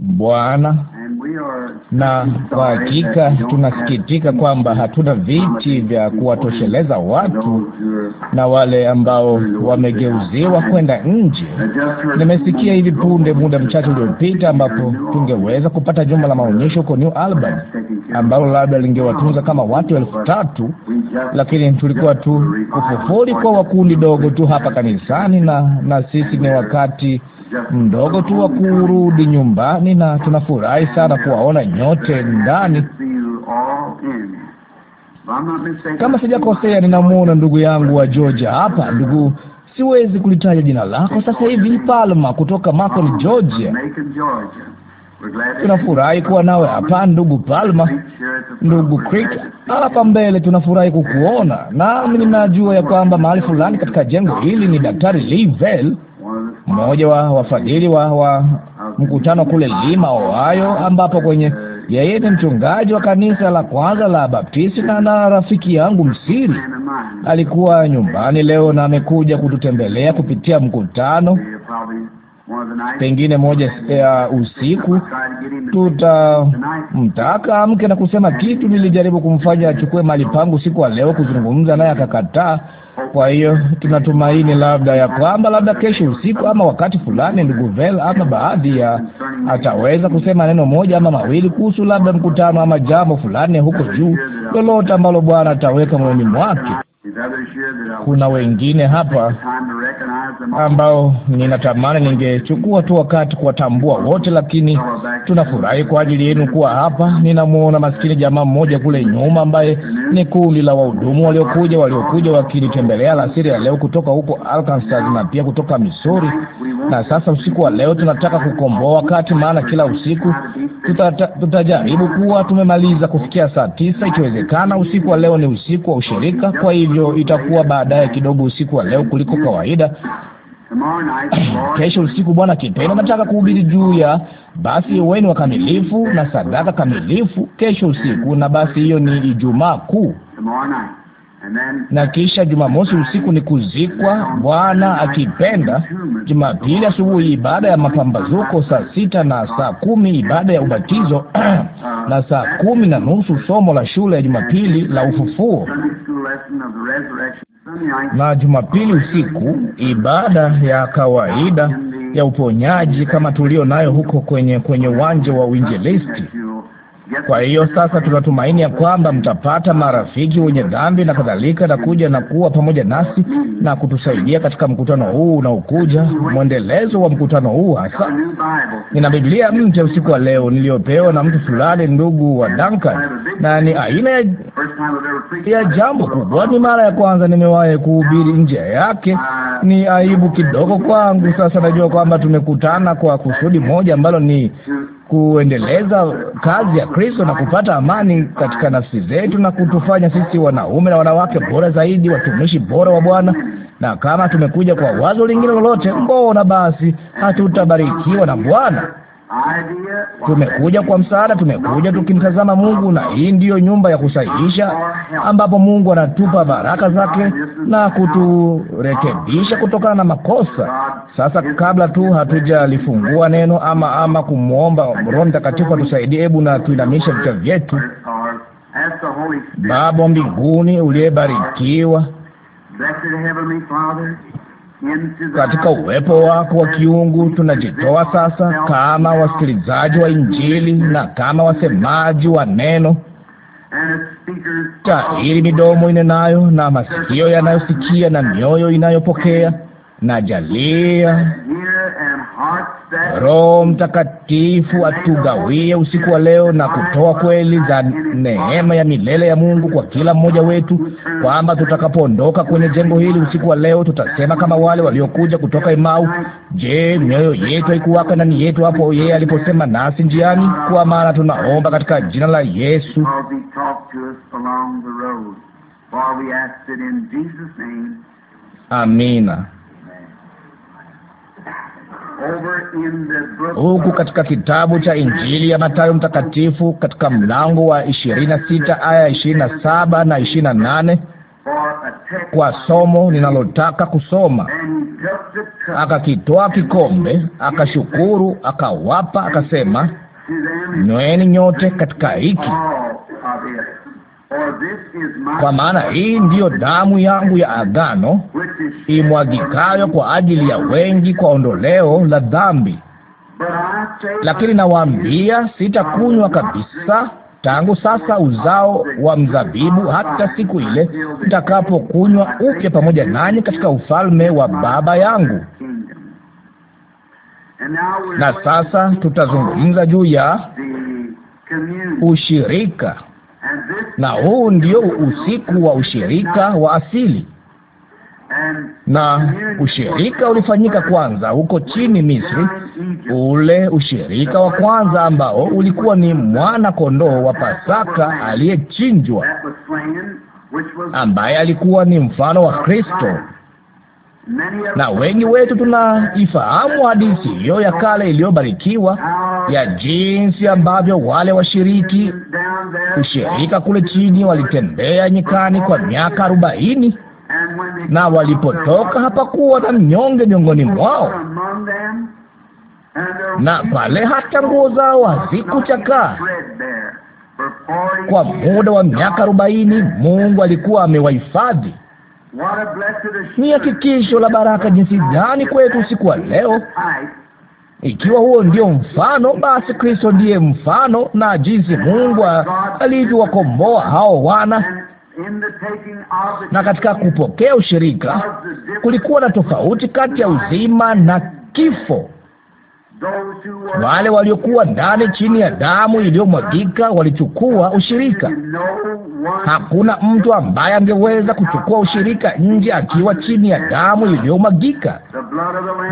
Bwana, na kwa hakika tunasikitika kwamba hatuna viti vya kuwatosheleza watu na wale ambao wamegeuziwa kwenda nje. Nimesikia hivi punde muda mchache uliopita, ambapo tungeweza kupata jumba la maonyesho huko New Albany ambalo labda lingewatunza kama watu elfu tatu, lakini tulikuwa tu kufufuli kwa wakundi dogo tu hapa kanisani, na na sisi ni wakati mdogo tu wa kurudi nyumbani, na tunafurahi sana kuwaona nyote ndani. Kama sijakosea, ninamwona ndugu yangu wa Georgia hapa, ndugu siwezi kulitaja jina lako sasa hivi, Palma kutoka Macon, Georgia. Tunafurahi kuwa nawe hapa ndugu Palma. Ndugu Creek, hapa mbele, tunafurahi kukuona, nami ninajua ya kwamba mahali fulani katika jengo hili ni Daktari Lee Vell mmoja wa wafadhili wa, wa mkutano kule Lima, Ohio, ambapo kwenye yeye ni mchungaji wa kanisa la kwanza la Baptisti na na rafiki yangu msiri alikuwa nyumbani leo na amekuja kututembelea kupitia mkutano pengine moja eh, ya usiku, tutamtaka amke na kusema kitu. Nilijaribu kumfanya achukue mali pangu siku wa leo kuzungumza naye, akakataa. Kwa hiyo tunatumaini labda ya kwamba labda kesho usiku ama wakati fulani, ndugu Vel ama baadhi ya ataweza kusema neno moja ama mawili kuhusu labda mkutano ama jambo fulani huko juu, lolote ambalo Bwana ataweka moyoni mwake. Kuna wengine hapa ambao ninatamani ningechukua tu wakati kuwatambua wote, lakini tunafurahi kwa ajili yenu kuwa hapa. Ninamwona maskini jamaa mmoja kule nyuma, ambaye ni kundi la wahudumu waliokuja waliokuja wakinitembelea alasiri ya leo kutoka huko Arkansas na pia kutoka Missouri. Na sasa usiku wa leo tunataka kukomboa wakati, maana kila usiku tutajaribu tutajaribu kuwa tumemaliza kufikia saa tisa ikiwezekana. Usiku wa leo ni usiku wa ushirika, kwa hivyo hivyo itakuwa baadaye kidogo usiku wa leo kuliko kawaida. Kesho usiku, Bwana kipenda, nataka kuhubiri juu ya basi weni wakamilifu na sadaka kamilifu kesho usiku, na basi hiyo ni Ijumaa Kuu na kisha Jumamosi usiku ni kuzikwa, Bwana akipenda. Jumapili asubuhi ibada ya mapambazuko saa sita na saa kumi ibada ya ubatizo na saa kumi na nusu somo la shule ya Jumapili la ufufuo na Jumapili usiku ibada ya kawaida ya uponyaji kama tulio nayo huko kwenye kwenye uwanja wa uinjilisti. Kwa hiyo sasa tunatumaini ya kwamba mtapata marafiki wenye dhambi na kadhalika, na kuja na kuwa pamoja nasi na kutusaidia katika mkutano huu unaokuja, mwendelezo wa mkutano huu. Hasa nina Biblia mpya usiku wa leo niliyopewa na mtu fulani, ndugu wa Duncan, na ni aina ya, ya jambo kubwa. Ni mara ya kwanza nimewahi kuhubiri nje yake. Ni aibu kidogo kwangu. Sasa najua kwamba tumekutana kwa kusudi moja ambalo ni kuendeleza kazi ya Kristo na kupata amani katika nafsi zetu na kutufanya sisi wanaume na wanawake bora zaidi, watumishi bora wa Bwana. Na kama tumekuja kwa wazo lingine lolote, mbona basi hatutabarikiwa na Bwana? Tumekuja kwa msaada, tumekuja tukimtazama Mungu, na hii ndiyo nyumba ya kusahihisha, ambapo Mungu anatupa baraka zake na kuturekebisha kutokana na makosa. Sasa kabla tu hatujalifungua neno ama ama kumwomba Roho Mtakatifu atusaidie, hebu na tuinamisha vichwa vyetu. Baba mbinguni uliyebarikiwa katika uwepo wako wa kiungu tunajitoa sasa, kama wasikilizaji wa Injili na kama wasemaji wa neno tahiri, midomo inenayo na masikio yanayosikia na mioyo inayopokea Najalia Roho Mtakatifu atugawie usiku wa leo na kutoa kweli za neema ya milele ya Mungu kwa kila mmoja wetu, kwamba tutakapoondoka kwenye jengo hili usiku wa leo tutasema kama wale waliokuja kutoka Emau, je, mioyo yetu haikuwaka ndani yetu hapo yeye aliposema nasi njiani? Kwa maana tunaomba katika jina la Yesu Amina huku katika kitabu cha Injili ya Mathayo mtakatifu katika mlango wa ishirini na sita aya ishirini na saba na ishirini na nane kwa somo ninalotaka kusoma. Akakitoa kikombe, akashukuru, akawapa, akasema, nyweni nyote katika hiki kwa maana hii ndiyo damu yangu ya agano imwagikayo kwa ajili ya wengi kwa ondoleo la dhambi. Lakini nawaambia, sitakunywa kabisa tangu sasa uzao wa mzabibu, hata siku ile nitakapokunywa upya pamoja nanyi katika ufalme wa Baba yangu. Na sasa tutazungumza juu ya ushirika na huu ndio usiku wa ushirika wa asili, na ushirika ulifanyika kwanza huko chini Misri, ule ushirika wa kwanza ambao ulikuwa ni mwana kondoo wa Pasaka aliyechinjwa, ambaye alikuwa ni mfano wa Kristo na wengi wetu tunaifahamu hadithi hiyo ya kale iliyobarikiwa ya jinsi ambavyo wale washiriki ushirika kule chini walitembea nyikani kwa miaka arobaini na walipotoka hapakuwa na mnyonge miongoni mwao, na pale hata nguo zao hazikuchakaa. Kwa muda wa miaka arobaini Mungu alikuwa amewahifadhi. Ni hakikisho la baraka jinsi gani kwetu usiku wa leo. Ikiwa huo ndio mfano, basi Kristo ndiye mfano na jinsi Mungu alivyowakomboa hao wana na katika kupokea ushirika kulikuwa na tofauti kati ya uzima na kifo. Wale waliokuwa ndani chini ya damu iliyomwagika walichukua ushirika. Hakuna mtu ambaye angeweza kuchukua ushirika nje akiwa chini ya damu iliyomwagika.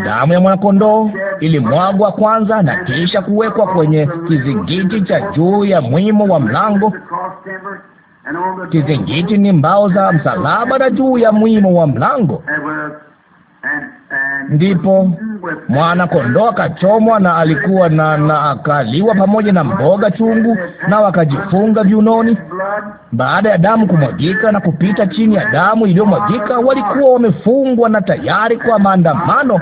Damu ya mwanakondoo ilimwagwa kwanza na kisha kuwekwa kwenye kizingiti cha juu ya mwimo wa mlango. Kizingiti ni mbao za msalaba na juu ya mwimo wa mlango ndipo mwana-kondoo akachomwa na alikuwa na, na akaliwa pamoja na mboga chungu, nao akajifunga viunoni. Baada ya damu kumwagika na kupita chini ya damu iliyomwagika, walikuwa wamefungwa na tayari kwa maandamano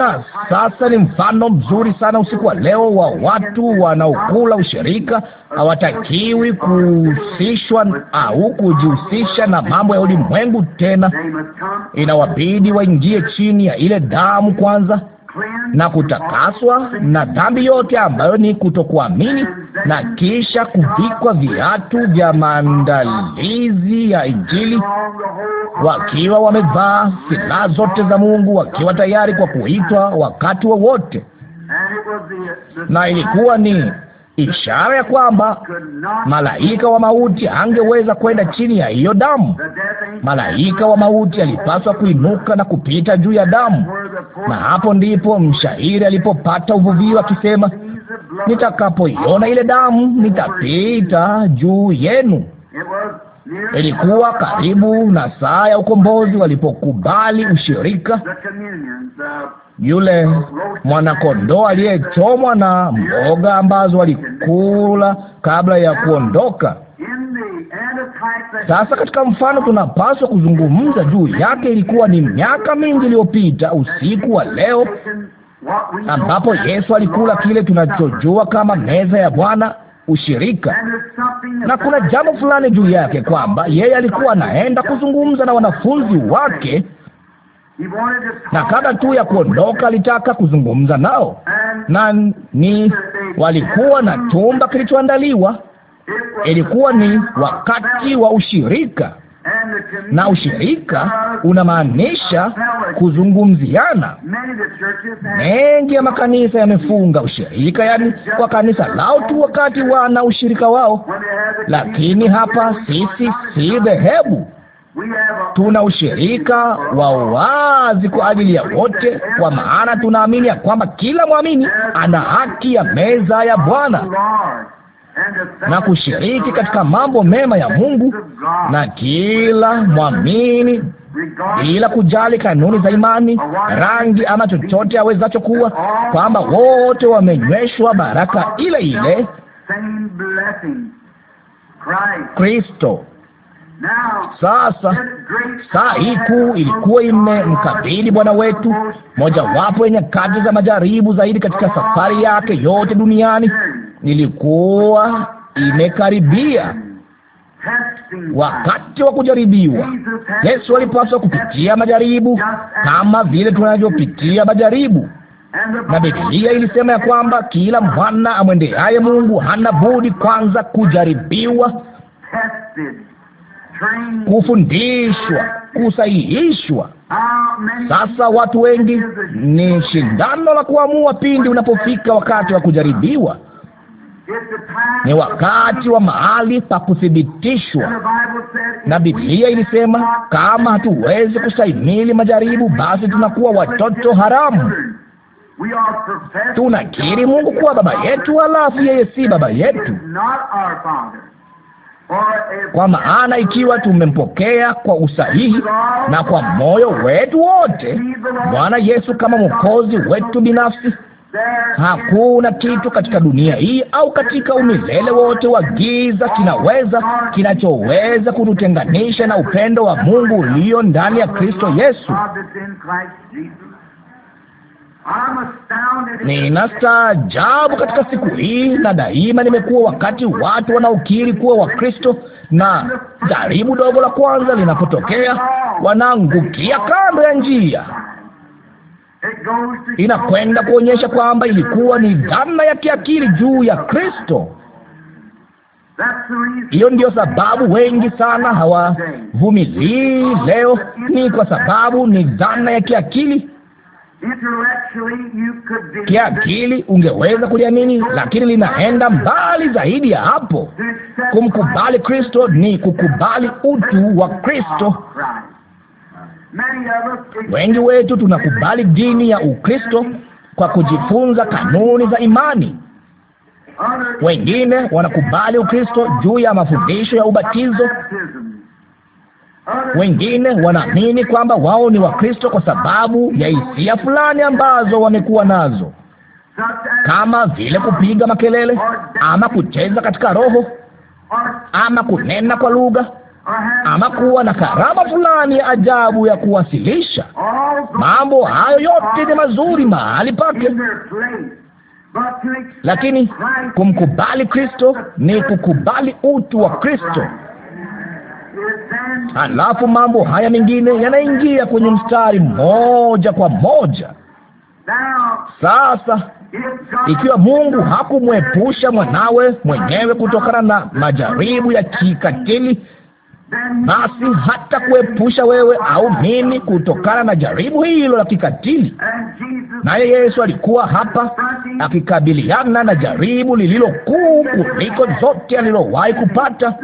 Ah, sasa ni mfano mzuri sana usiku wa leo wa watu wanaokula ushirika. Hawatakiwi kuhusishwa au kujihusisha na mambo ya ulimwengu tena, inawabidi waingie chini ya ile damu kwanza na kutakaswa na dhambi yote ambayo ni kutokuamini, na kisha kuvikwa viatu vya maandalizi ya Injili, wakiwa wamevaa silaha zote za Mungu, wakiwa tayari kwa kuitwa wakati wowote wa na ilikuwa ni ishara ya kwamba malaika wa mauti angeweza kwenda chini ya hiyo damu. Malaika wa mauti alipaswa kuinuka na kupita juu ya damu, na hapo ndipo mshairi alipopata uvuvio akisema, nitakapoiona ile damu nitapita juu yenu. Ilikuwa karibu na saa ya ukombozi walipokubali ushirika. Yule mwanakondoo aliyechomwa na mboga ambazo walikula kabla ya kuondoka. Sasa katika mfano tunapaswa kuzungumza juu yake. Ilikuwa ni miaka mingi iliyopita, usiku wa leo, ambapo Yesu alikula kile tunachojua kama meza ya Bwana ushirika, na kuna jambo fulani juu yake kwamba yeye alikuwa anaenda kuzungumza na wanafunzi wake, na kabla tu ya kuondoka alitaka kuzungumza nao, na ni walikuwa na chumba kilichoandaliwa. Ilikuwa ni wakati wa ushirika na ushirika unamaanisha kuzungumziana. Mengi ya makanisa yamefunga ushirika, yani kwa kanisa lao tu, wakati wana ushirika wao, lakini hapa sisi si dhehebu tuna ushirika wa wazi kwa ajili ya wote, kwa maana tunaamini ya kwamba kila mwamini ana haki ya meza ya Bwana na kushiriki katika mambo mema ya Mungu, na kila mwamini bila kujali kanuni za imani, rangi ama chochote awezacho kuwa, kwamba wote wamenyweshwa baraka ile ile Kristo. Sasa saa hii kuu ilikuwa imemkabili Bwana wetu, mojawapo ya nyakati za majaribu zaidi katika safari yake yote duniani, ilikuwa imekaribia wakati wa kujaribiwa. Yesu alipaswa kupitia majaribu kama vile tunavyopitia majaribu, na Biblia ilisema ya kwamba kila mwana amwendeaye Mungu hana budi kwanza kujaribiwa, kufundishwa, kusahihishwa. Sasa watu wengi, ni shindano la kuamua pindi unapofika wakati wa kujaribiwa. Ni wakati wa mahali pa kuthibitishwa, na Biblia ilisema kama hatuwezi kustahimili majaribu, basi tunakuwa watoto haramu. Tunakiri Mungu kuwa baba yetu, halafu yeye si baba yetu. Kwa maana ikiwa tumempokea kwa usahihi na kwa moyo wetu wote Bwana Yesu kama mwokozi wetu binafsi Hakuna kitu katika dunia hii au katika umilele wote wa giza kinaweza kinachoweza kututenganisha na upendo wa Mungu ulio ndani ya Kristo Yesu. Ninastaajabu katika siku hii, na daima nimekuwa wakati watu wanaokiri kuwa Wakristo na jaribu dogo la kwanza linapotokea, wanaangukia kando ya njia inakwenda kuonyesha kwamba ilikuwa ni dhana ya kiakili juu ya Kristo. Hiyo ndiyo sababu wengi sana hawavumilii leo, ni kwa sababu ni dhana ya kiakili. Kiakili ungeweza kuliamini, lakini linaenda mbali zaidi ya hapo. Kumkubali Kristo ni kukubali utu wa Kristo. Wengi wetu tunakubali dini ya Ukristo kwa kujifunza kanuni za imani. Wengine wanakubali Ukristo juu ya mafundisho ya ubatizo. Wengine wanaamini kwamba wao ni Wakristo kwa sababu ya hisia fulani ambazo wamekuwa nazo, kama vile kupiga makelele ama kucheza katika roho ama kunena kwa lugha ama kuwa na karama fulani ya ajabu ya kuwasilisha mambo hayo. Yote ni mazuri mahali pake, lakini kumkubali Kristo ni kukubali utu wa Kristo. Halafu mambo haya mengine yanaingia kwenye mstari moja kwa moja. Sasa ikiwa Mungu hakumwepusha mwanawe mwenyewe kutokana na majaribu ya kikatili basi hata kuepusha wewe au mimi kutokana na jaribu hilo la kikatili. Naye Yesu alikuwa hapa akikabiliana na jaribu lililo kuu kuliko zote alilowahi kupata.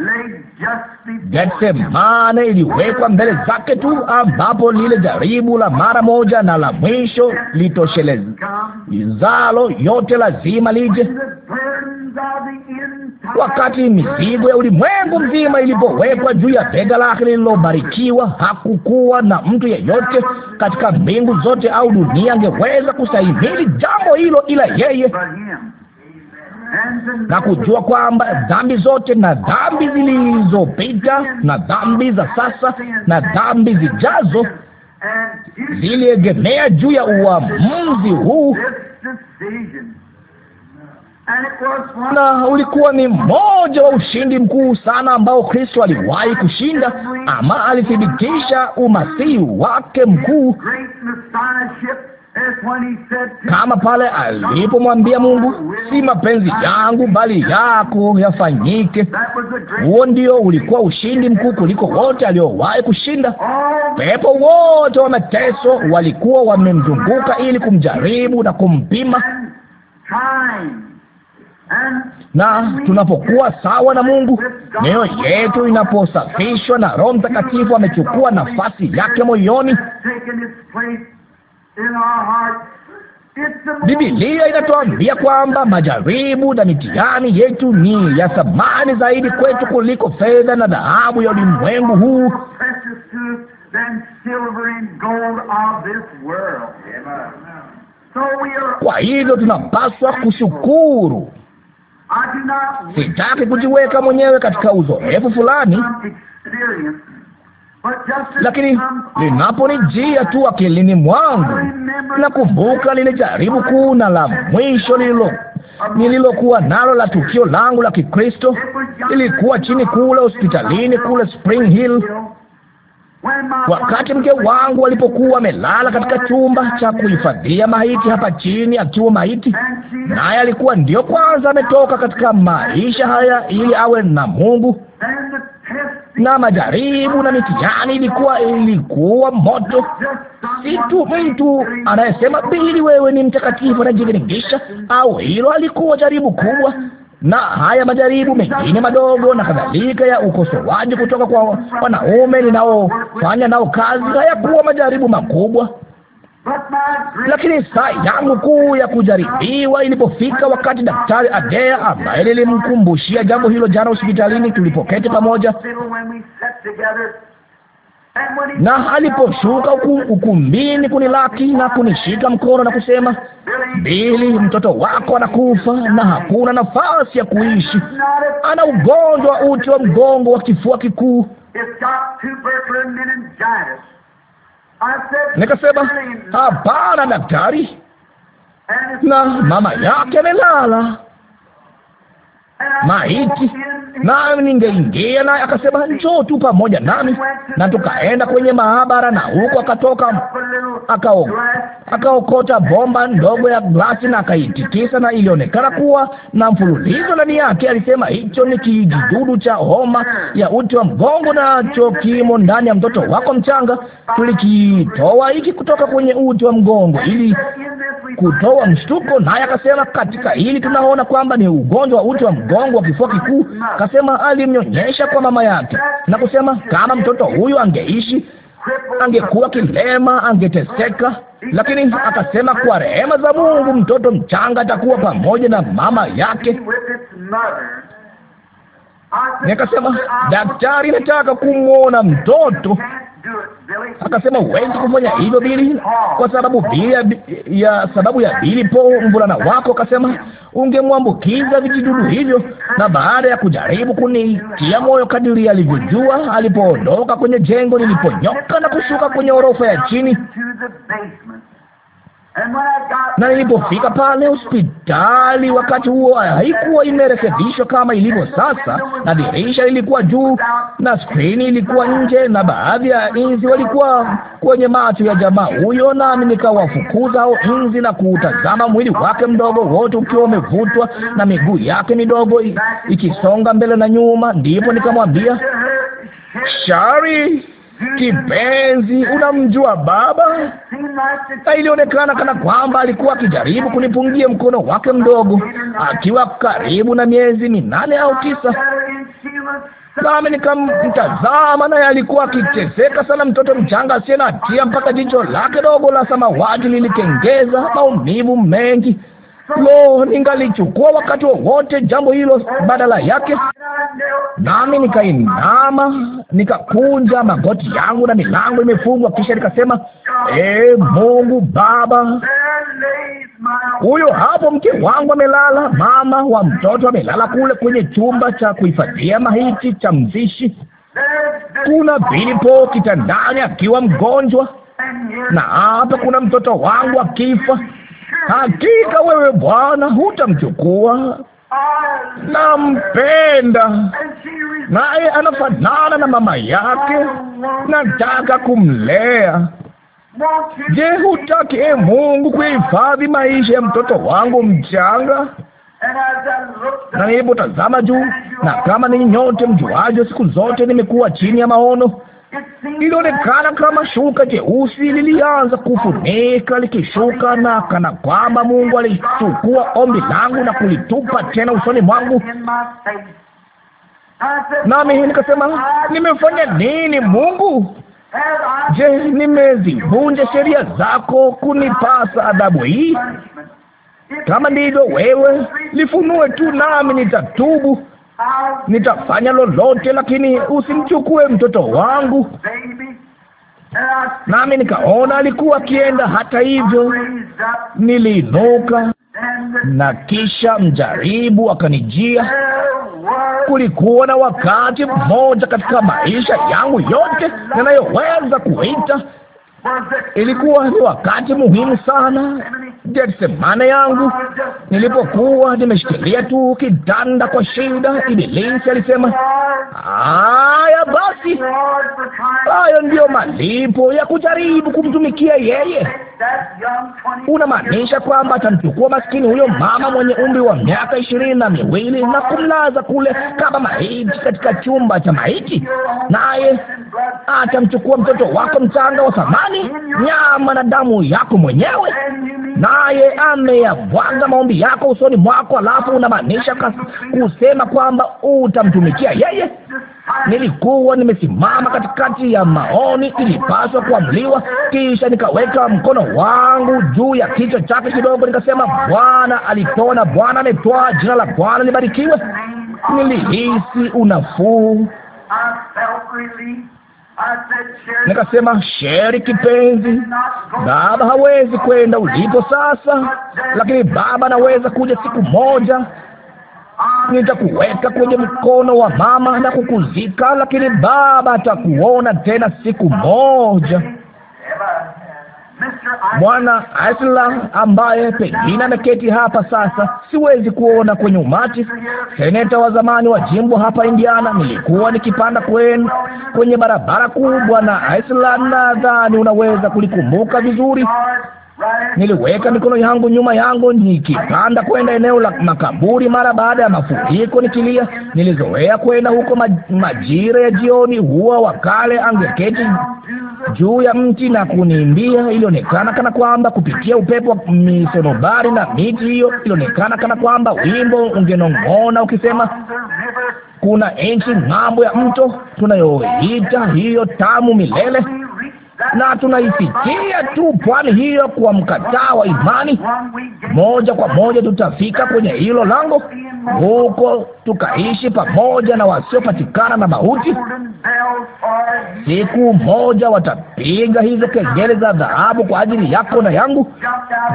Getsemane iliwekwa mbele zake tu, ambapo lile jaribu la mara moja na la mwisho litoshelezalo yote lazima lije wakati mizigo ya ulimwengu mzima ilipowekwa juu ya bega lake lililobarikiwa, hakukuwa na mtu yeyote katika mbingu zote au dunia angeweza kustahimili jambo hilo ila yeye na kujua kwamba dhambi zote na dhambi zilizopita na dhambi za sasa na dhambi zijazo ziliegemea juu ya uamuzi huu na ulikuwa ni mmoja wa ushindi mkuu sana ambao Kristo aliwahi kushinda, ama alithibitisha umasihi wake mkuu kama pale alipomwambia Mungu, si mapenzi yangu bali yako yafanyike. Huo ndio ulikuwa ushindi mkuu kuliko wote aliowahi kushinda. Pepo wote wa mateso walikuwa wamemzunguka ili kumjaribu na kumpima na tunapokuwa sawa na Mungu, mioyo yetu inaposafishwa na Roho Mtakatifu, amechukua nafasi yake moyoni, Bibilia inatuambia kwamba majaribu na mitihani yetu ni ya thamani zaidi kwetu kuliko fedha na dhahabu ya ulimwengu huu. Kwa hivyo tunapaswa kushukuru. Sitaki kujiweka mwenyewe katika uzoefu fulani lakini linaponijia tu akilini mwangu na kuvuka lile jaribu kuu na la mwisho lilo nililokuwa nalo la tukio langu la Kikristo, ilikuwa chini kule hospitalini kule Spring Hill, wakati mke wangu alipokuwa amelala katika chumba cha kuhifadhia maiti hapa chini akiwa maiti, naye alikuwa ndiyo kwanza ametoka katika maisha haya ili awe na Mungu na majaribu na mitihani ilikuwa ilikuwa moto. Si tu mtu anayesema Bili, wewe ni mtakatifu, anajiviringisha au hilo. Alikuwa jaribu kubwa, na haya majaribu mengine madogo na kadhalika ya ukosoaji kutoka kwa wanaume ninaofanya nao kazi hayakuwa majaribu makubwa. Lakini saa yangu kuu ya kujaribiwa ilipofika, wakati daktari Adea ambaye nilimkumbushia jambo hilo jana hospitalini tulipoketi pamoja na aliposhuka ukumbini kunilaki na kunishika mkono na kusema, Bili, mtoto wako anakufa na hakuna nafasi ya kuishi. Ana ugonjwa uti wa mgongo wa kifua kikuu. Nikasema hapana, daktari, na mama yake amelala maiti, na ningeingia naye. Akasema, njoo tu pamoja nami, na tukaenda kwenye maabara, na huko akatoka akao akaokota bomba ndogo ya glasi na akaitikisa, na ilionekana kuwa na mfululizo ndani yake. Alisema hicho ni kijidudu cha homa ya uti wa mgongo, na chokimo ndani ya mtoto wako mchanga. Tulikitoa hiki kutoka kwenye uti wa mgongo ili kutoa mshtuko, naye akasema, katika hili tunaona kwamba ni ugonjwa wa uti wa mgongo wa kifua kikuu. Akasema alimnyonyesha kwa mama yake na kusema kama mtoto huyu angeishi angekuwa kilema, angeteseka, lakini akasema kwa rehema za Mungu mtoto mchanga atakuwa pamoja na mama yake. Nikasema, daktari, nataka kumwona mtoto. Akasema, huwezi kufanya hivyo Bili, kwa sababu Bili ya, ya sababu ya Bili po mvulana wako. Akasema ungemwambukiza vijidudu hivyo. Na baada ya kujaribu kunitia moyo kadiri alivyojua, alipoondoka kwenye jengo, niliponyoka na kushuka kwenye orofa ya chini na ilipofika pale hospitali, wakati huo haikuwa imerekebishwa kama ilivyo sasa, na dirisha lilikuwa juu na skrini ilikuwa nje, na baadhi ya inzi walikuwa kwenye macho ya jamaa huyo, nami nikawafukuza hao inzi na kuutazama mwili wake mdogo wote ukiwa umevutwa na miguu yake midogo ikisonga mbele na nyuma. Ndipo nikamwambia Shari Kipenzi, unamjua Baba? Na ilionekana kana kwamba alikuwa akijaribu kunipungia mkono wake mdogo, akiwa karibu na miezi minane au tisa, nami nikamtazama, naye alikuwa akiteseka sana, mtoto mchanga asiye na hatia, mpaka jicho lake dogo la samawati lilikengeza, maumivu mengi Lo, ningalichukua wakati wowote jambo hilo badala yake, nami nikainama, nikakunja magoti yangu na milango imefungwa, kisha nikasema, e Mungu Baba, huyo hapo mke wangu amelala, mama wa mtoto amelala kule kwenye chumba cha kuhifadhia maiti cha mzishi. Kuna bilipo kitandani akiwa mgonjwa, na hapa kuna mtoto wangu akifa Hakika wewe Bwana hutamchukua. Nampenda naye anafanana na mama yake, nataka kumlea. Je, hutaki e Mungu kuhifadhi maisha ya mtoto wangu mchanga? Na nilipotazama juu, na kama ninyi nyote mjuaje, siku zote nimekuwa chini ya maono ilionekana kama shuka jeusi lilianza kufunika likishuka, na kana kwamba Mungu alichukua ombi langu na kulitupa tena usoni mwangu. Nami nikasema, nimefanya nini Mungu? Je, nimezivunja sheria zako kunipasa adhabu hii? Kama ndivyo, wewe lifunue tu, nami nitatubu nitafanya lolote, lakini usimchukue mtoto wangu. Nami nikaona alikuwa akienda. Hata hivyo, niliinuka na kisha mjaribu akanijia. Kulikuwa na wakati mmoja katika maisha yangu yote ninayoweza kuita, ilikuwa ni wakati muhimu sana Getsemane yangu nilipokuwa nimeshikilia tu kitanda kwa shida, Ibilisi alisema haya basi, hayo ndiyo malipo ya kujaribu kumtumikia yeye. Unamaanisha kwamba atamchukua maskini huyo mama mwenye umri wa miaka ishirini na miwili na kumlaza kule kama maiti katika chumba cha maiti, naye atamchukua mtoto wako mchanga wa thamani, nyama na damu yako mwenyewe na ambaye ameyabwaga maombi yako usoni mwako, alafu unamaanisha kusema kwamba utamtumikia yeye. Nilikuwa nimesimama katikati ya maoni, ilipaswa kuamliwa Kisha nikaweka mkono wangu juu ya kichwa chake kidogo, nikasema, Bwana alitoa na Bwana ametoa jina la Bwana libarikiwe. Nilihisi unafuu Nikasema, Sheri kipenzi, baba hawezi kwenda ulipo sasa, lakini baba anaweza kuja siku moja. Nitakuweka kwenye mkono wa mama na kukuzika, lakini baba atakuona tena siku moja. Bwana Isla ambaye pengine ameketi hapa sasa, siwezi kuona kwenye umati, seneta wa zamani wa jimbo hapa Indiana. Nilikuwa nikipanda kwenu kwenye barabara kuu. Bwana Isla, nadhani unaweza kulikumbuka vizuri. Niliweka mikono yangu nyuma yangu nikipanda kwenda eneo la makaburi mara baada ya mafuriko nikilia. Nilizoea kwenda huko majira ya jioni, huwa wakale angeketi juu ya mti na kuniimbia. Ilionekana kana kwamba kupitia upepo wa misonobari na miti hiyo, ilionekana kana kwamba wimbo ungenong'ona ukisema, kuna nchi ng'ambo ya mto tunayoita hiyo tamu milele na tunaifikia tu pwani hiyo kwa mkataa wa imani. Moja kwa moja tutafika kwenye hilo lango huko tukaishi pamoja na wasiopatikana na mauti. Siku moja watapiga hizo kengele za dhahabu kwa ajili yako na yangu.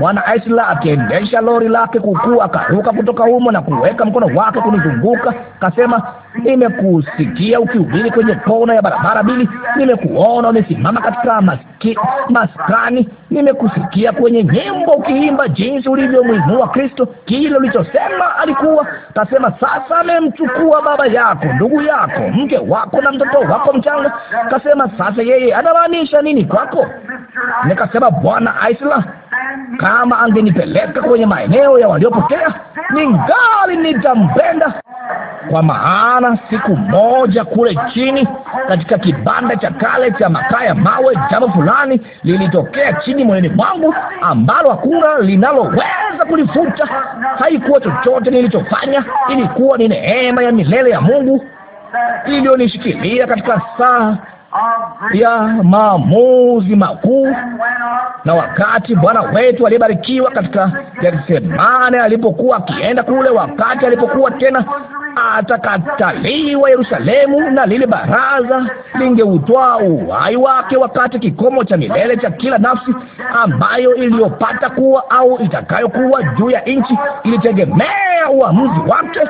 Bwana Isla akiendesha lori lake kukuu akaruka kutoka humo na kuweka mkono wake kunizunguka, kasema, nimekusikia ukihubiri kwenye kona ya barabara bili nimekuona umesimama katika maski, maskani, nimekusikia kwenye nyimbo ukiimba jinsi ulivyomwinua Kristo, kile ulichosema alikuwa. Kasema sasa amemchukua baba yako, ndugu yako, mke wako na mtoto wako mchanga. Kasema, sasa yeye anamaanisha nini kwako? Nikasema, Bwana Aisla kama angenipeleka kwenye maeneo ya waliopotea, ningali nitampenda, kwa maana siku moja kule chini katika kibanda cha kale cha makaa ya mawe, jambo fulani lilitokea chini moyoni mwangu ambalo hakuna linaloweza kulifuta. Haikuwa chochote nilichofanya, ilikuwa ni neema ya milele ya Mungu iliyonishikilia katika saa ya maamuzi makuu. Na wakati Bwana wetu aliyebarikiwa katika Gethsemane alipokuwa akienda kule, wakati alipokuwa tena atakataliwa Yerusalemu, na lile baraza lingeutoa uhai wake, wakati kikomo cha milele cha kila nafsi ambayo iliyopata kuwa au itakayokuwa juu ya nchi ilitegemea uamuzi wake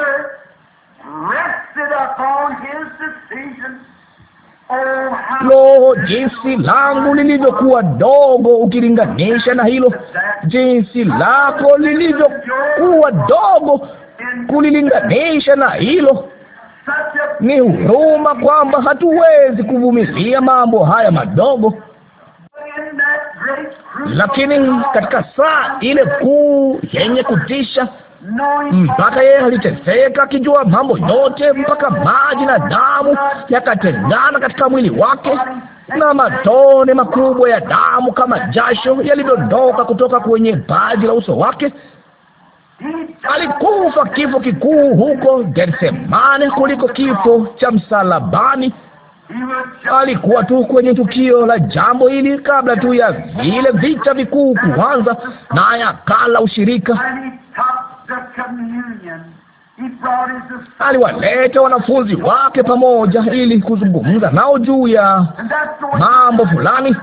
Lo, jinsi langu lilivyokuwa dogo ukilinganisha na hilo, jinsi lako lilivyokuwa dogo kulilinganisha na hilo. Ni huruma kwamba hatuwezi kuvumilia mambo haya madogo, lakini katika saa ile kuu yenye kutisha Mm, mpaka yeye aliteseka akijua mambo yote, mpaka maji na damu yakatengana katika mwili wake na matone makubwa ya damu kama jasho yalidondoka kutoka kwenye paji la uso wake. Alikufa kifo kikuu huko Getsemane kuliko kifo cha msalabani. Alikuwa tu kwenye tukio la jambo hili kabla tu ya vile vita vikuu kuanza, naye akala ushirika aliwaleta wanafunzi wake pamoja ili kuzungumza nao juu ya mambo fulani,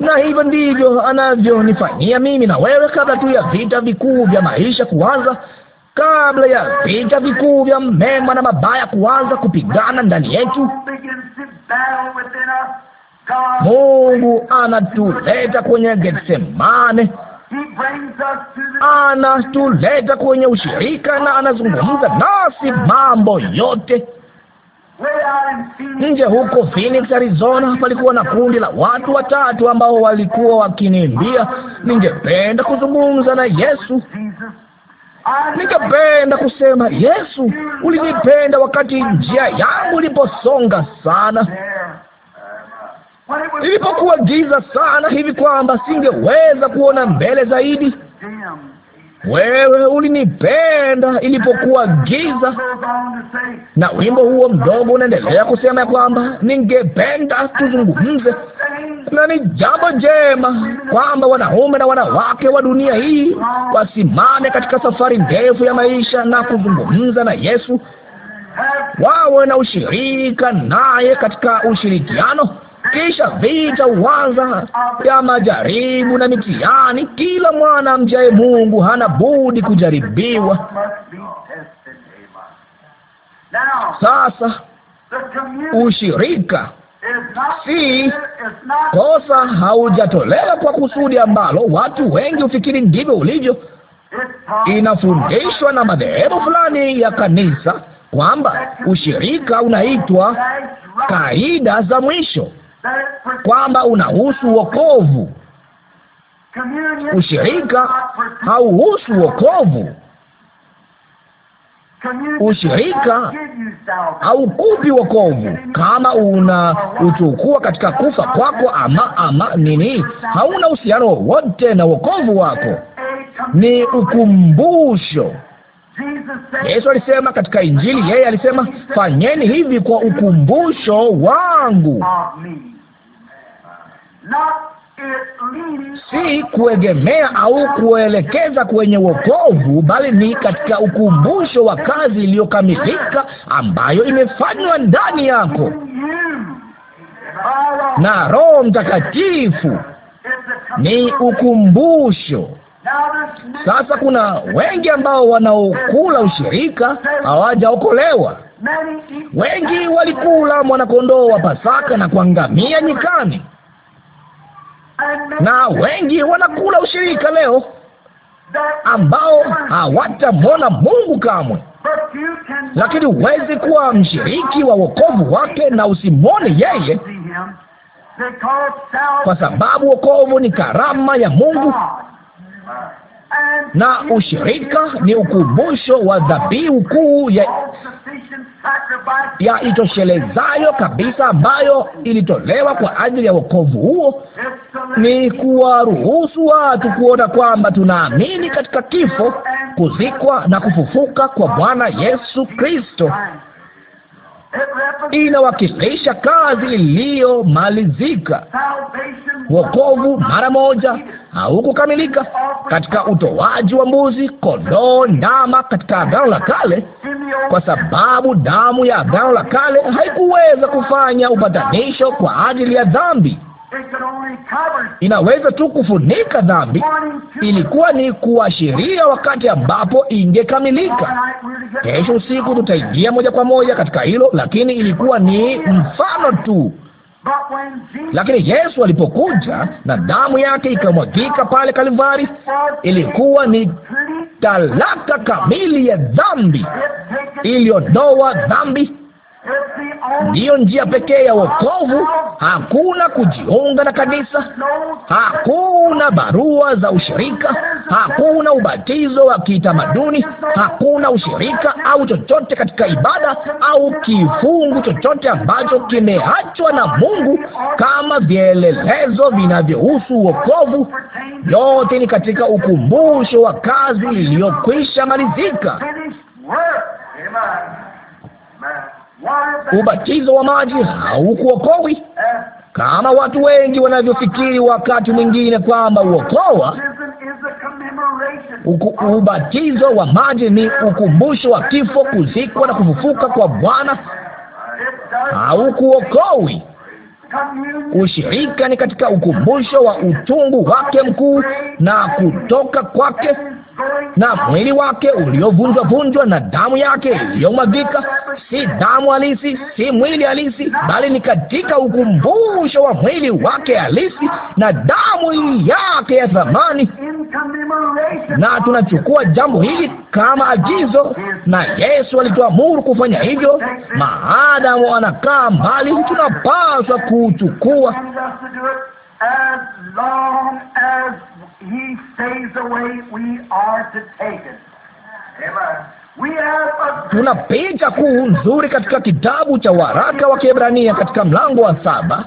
na hivyo ndivyo anavyonifanyia mimi na wewe, kabla tu ya vita vikuu vya maisha kuanza, kabla ya vita vikuu vya mema na mabaya kuanza kupigana ndani yetu. Mungu anatuleta kwenye Getsemane anatuleta kwenye ushirika na anazungumza nasi mambo yote. Nje huko Phoenix, Arizona, palikuwa na kundi la watu watatu ambao walikuwa wakiniambia, ningependa kuzungumza na Yesu. Ningependa kusema Yesu, ulinipenda wakati njia yangu iliposonga sana ilipokuwa giza sana hivi kwamba singeweza kuona mbele zaidi. Wewe ulinipenda ilipokuwa giza, na wimbo huo mdogo unaendelea kusema ya kwamba ningependa tuzungumze, na ni jambo jema kwamba wanaume na wanawake wa dunia hii wasimame katika safari ndefu ya maisha na kuzungumza na Yesu, wawe na ushirika naye katika ushirikiano kisha vita uanza ya majaribu na mitihani. Kila mwana mjaye Mungu hana budi kujaribiwa. Sasa ushirika si kosa, haujatolewa kwa kusudi ambalo watu wengi ufikiri ndivyo ulivyo. Inafundishwa na madhehebu fulani ya kanisa kwamba ushirika unaitwa kaida za mwisho kwamba unahusu wokovu. Ushirika hauhusu wokovu. Ushirika haukupi wokovu. Kama una utukua katika kufa kwako, ama ama nini, hauna uhusiano wowote na wokovu wako, ni ukumbusho. Yesu alisema katika Injili, yeye alisema fanyeni hivi kwa ukumbusho wangu si kuegemea au kuelekeza kwenye wokovu, bali ni katika ukumbusho wa kazi iliyokamilika ambayo imefanywa ndani yako na Roho Mtakatifu. Ni ukumbusho. Sasa kuna wengi ambao wanaokula ushirika hawajaokolewa. Wengi walikula mwanakondoo wa Pasaka na kuangamia nyikani na wengi wanakula ushirika leo ambao hawatamwona Mungu kamwe. Lakini huwezi kuwa mshiriki wa wokovu wake na usimwone yeye, kwa sababu wokovu ni karama ya Mungu na ushirika ni ukumbusho wa dhabihu kuu ya, ya itoshelezayo kabisa ambayo ilitolewa kwa ajili ya wokovu huo. Ni kuwaruhusu watu kuona kwamba tunaamini katika kifo, kuzikwa na kufufuka kwa Bwana Yesu Kristo inawakilisha kazi iliyomalizika. Wokovu mara moja haukukamilika katika utoaji wa mbuzi, kondoo, ndama katika agano la kale, kwa sababu damu ya agano la kale haikuweza kufanya upatanisho kwa ajili ya dhambi inaweza tu kufunika dhambi. Ilikuwa ni kuashiria wakati ambapo ingekamilika. Kesho usiku tutaingia moja kwa moja katika hilo, lakini ilikuwa ni mfano tu. Lakini Yesu alipokuja na damu yake ikamwagika pale kalivari ilikuwa ni talaka kamili ya dhambi, iliondoa dhambi ndiyo njia pekee ya wokovu. Hakuna kujiunga na kanisa, hakuna barua za ushirika, hakuna ubatizo wa kitamaduni, hakuna ushirika au chochote katika ibada au kifungu chochote ambacho kimeachwa na Mungu kama vielelezo vinavyohusu wokovu. Yote ni katika ukumbusho wa kazi iliyokwisha malizika. Ubatizo wa maji haukuokowi kama watu wengi wanavyofikiri wakati mwingine kwamba uokoa. Ubatizo wa maji ni ukumbusho wa kifo, kuzikwa na kufufuka kwa Bwana. Haukuokowi. Ushirika ni katika ukumbusho wa utungu wake mkuu na kutoka kwake na mwili wake vunjwa na damu yake iliyomwagika, si damu halisi, si mwili halisi, bali ni katika ukumbusho wa mwili wake halisi na damu yake ya thamani. Na tunachukua jambo hili kama agizo, na Yesu alituamuru kufanya hivyo. Maadamu anakaa mbali, tunapaswa kuchukua Tuna picha kuu nzuri katika kitabu cha waraka wa Kiebrania katika mlango wa saba.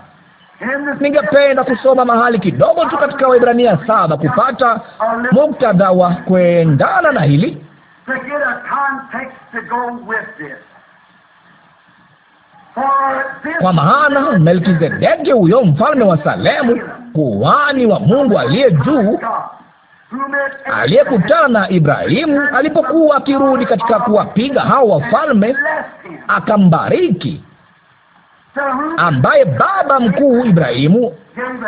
Ningependa kusoma mahali kidogo tu katika Waebrania saba kupata muktadha wa kuendana na hili. Kwa maana Melkizedeki, huyo mfalme wa Salemu, kuhani wa Mungu aliye juu, aliyekutana na Ibrahimu alipokuwa akirudi katika kuwapiga hao wafalme, akambariki, ambaye baba mkuu Ibrahimu